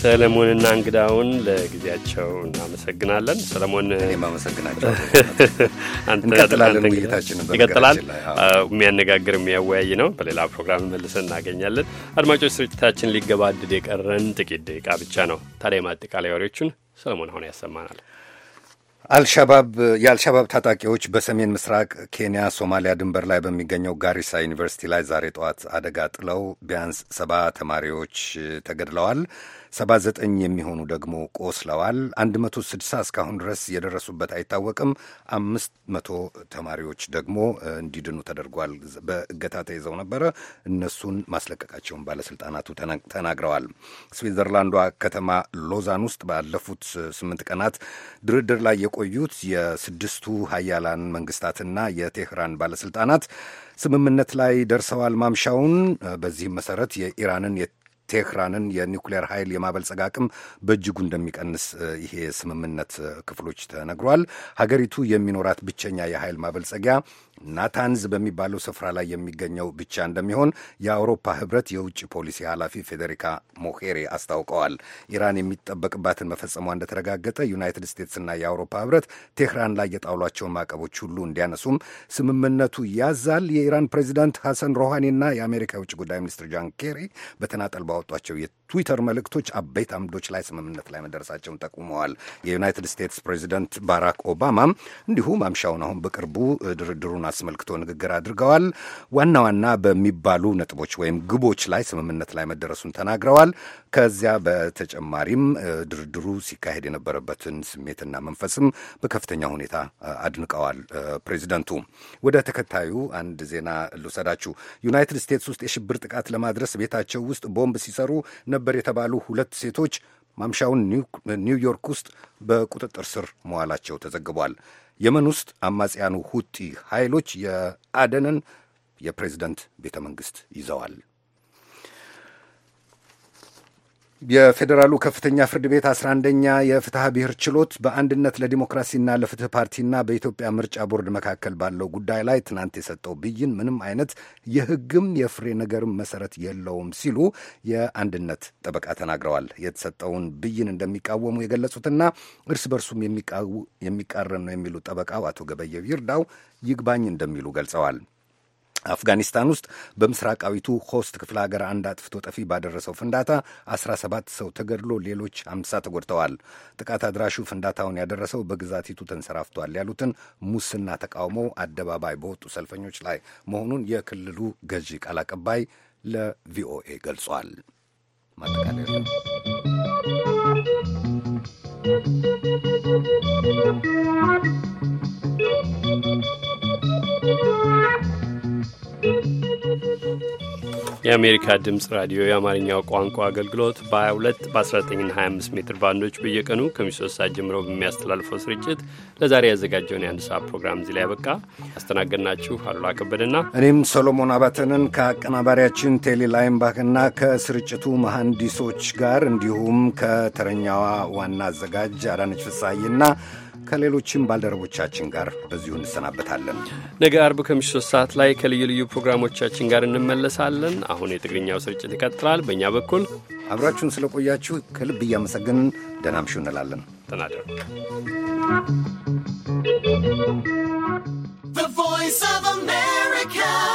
ሰለሞንና እንግዳውን ለጊዜያቸው እናመሰግናለን። ሰለሞን አመሰግናቸው። ይቀጥላል። የሚያነጋግር የሚያወያይ ነው። በሌላ ፕሮግራም መልሰን እናገኛለን። አድማጮች፣ ስርጭታችን ሊገባድድ የቀረን ጥቂት ደቂቃ ብቻ ነው። ታዲያ ማጠቃለያ ወሬዎቹን ሰለሞን አሁን ያሰማናል። አልሻባብ የአልሻባብ ታጣቂዎች በሰሜን ምስራቅ ኬንያ ሶማሊያ ድንበር ላይ በሚገኘው ጋሪሳ ዩኒቨርሲቲ ላይ ዛሬ ጠዋት አደጋ ጥለው ቢያንስ ሰባ ተማሪዎች ተገድለዋል። 79 የሚሆኑ ደግሞ ቆስለዋል። 160 እስካሁን ድረስ የደረሱበት አይታወቅም። 500 ተማሪዎች ደግሞ እንዲድኑ ተደርጓል። በእገታ ተይዘው ነበረ። እነሱን ማስለቀቃቸውን ባለስልጣናቱ ተናግረዋል። ስዊዘርላንዷ ከተማ ሎዛን ውስጥ ባለፉት ስምንት ቀናት ድርድር ላይ የቆዩት የስድስቱ ሀያላን መንግስታትና የቴህራን ባለስልጣናት ስምምነት ላይ ደርሰዋል ማምሻውን። በዚህም መሰረት የኢራንን ቴህራንን የኒውክሌር ኃይል የማበልጸግ አቅም በእጅጉ እንደሚቀንስ ይሄ የስምምነት ክፍሎች ተነግሯል። ሀገሪቱ የሚኖራት ብቸኛ የኃይል ማበልጸጊያ ናታንዝ በሚባለው ስፍራ ላይ የሚገኘው ብቻ እንደሚሆን የአውሮፓ ህብረት የውጭ ፖሊሲ ኃላፊ ፌዴሪካ ሞሄሪ አስታውቀዋል። ኢራን የሚጠበቅባትን መፈጸሟ እንደተረጋገጠ ዩናይትድ ስቴትስና የአውሮፓ ህብረት ቴህራን ላይ የጣውሏቸውን ማዕቀቦች ሁሉ እንዲያነሱም ስምምነቱ ያዛል። የኢራን ፕሬዚዳንት ሐሰን ሮሃኒና የአሜሪካ የውጭ ጉዳይ ሚኒስትር ጃን ኬሪ በተናጠል ባወጧቸው የትዊተር መልእክቶች አበይት አምዶች ላይ ስምምነት ላይ መደረሳቸውን ጠቁመዋል። የዩናይትድ ስቴትስ ፕሬዚደንት ባራክ ኦባማም እንዲሁ ማምሻውን አሁን በቅርቡ ድርድሩን አስመልክቶ ንግግር አድርገዋል። ዋና ዋና በሚባሉ ነጥቦች ወይም ግቦች ላይ ስምምነት ላይ መደረሱን ተናግረዋል። ከዚያ በተጨማሪም ድርድሩ ሲካሄድ የነበረበትን ስሜትና መንፈስም በከፍተኛ ሁኔታ አድንቀዋል ፕሬዚደንቱ። ወደ ተከታዩ አንድ ዜና ልውሰዳችሁ። ዩናይትድ ስቴትስ ውስጥ የሽብር ጥቃት ለማድረስ ቤታቸው ውስጥ ቦምብ ሲሰሩ ነበር የተባሉ ሁለት ሴቶች ማምሻውን ኒውዮርክ ውስጥ በቁጥጥር ስር መዋላቸው ተዘግቧል። የመን ውስጥ አማጽያኑ ሁጢ ኃይሎች የአደንን የፕሬዝደንት ቤተ መንግሥት ይዘዋል። የፌዴራሉ ከፍተኛ ፍርድ ቤት 11ኛ የፍትሐ ብሔር ችሎት በአንድነት ለዲሞክራሲና ለፍትህ ፓርቲና በኢትዮጵያ ምርጫ ቦርድ መካከል ባለው ጉዳይ ላይ ትናንት የሰጠው ብይን ምንም አይነት የህግም የፍሬ ነገርም መሰረት የለውም ሲሉ የአንድነት ጠበቃ ተናግረዋል። የተሰጠውን ብይን እንደሚቃወሙ የገለጹትና እርስ በርሱም የሚቃረን ነው የሚሉ ጠበቃው አቶ ገበየው ይርዳው ይግባኝ እንደሚሉ ገልጸዋል። አፍጋኒስታን ውስጥ በምስራቃዊቱ ሆስት ክፍለ ሀገር አንድ አጥፍቶ ጠፊ ባደረሰው ፍንዳታ 17 ሰው ተገድሎ ሌሎች 50 ተጎድተዋል። ጥቃት አድራሹ ፍንዳታውን ያደረሰው በግዛቲቱ ተንሰራፍቷል ያሉትን ሙስና ተቃውሞው አደባባይ በወጡ ሰልፈኞች ላይ መሆኑን የክልሉ ገዢ ቃል አቀባይ ለቪኦኤ ገልጿል። ማጠቃለያ የአሜሪካ ድምፅ ራዲዮ የአማርኛው ቋንቋ አገልግሎት በ22 በ19ና 25 ሜትር ባንዶች በየቀኑ ከምሽቱ ሶስት ሰዓት ጀምሮ በሚያስተላልፈው ስርጭት ለዛሬ ያዘጋጀውን የአንድ ሰዓት ፕሮግራም እዚህ ላይ ያበቃ። ያስተናገድናችሁ አሉላ ከበደና እኔም ሰሎሞን አባተንን ከአቀናባሪያችን ቴሌ ላይምባክና ከስርጭቱ መሐንዲሶች ጋር እንዲሁም ከተረኛዋ ዋና አዘጋጅ አዳነች ፍሳይና ከሌሎችም ባልደረቦቻችን ጋር በዚሁ እንሰናበታለን። ነገ አርብ ከምሽቱ ሶስት ሰዓት ላይ ከልዩ ልዩ ፕሮግራሞቻችን ጋር እንመለሳለን። አሁን የትግርኛው ስርጭት ይቀጥላል። በእኛ በኩል አብራችሁን ስለቆያችሁ ከልብ እያመሰገንን ደህና እምሹ እንላለን። ተናደሩ voice of America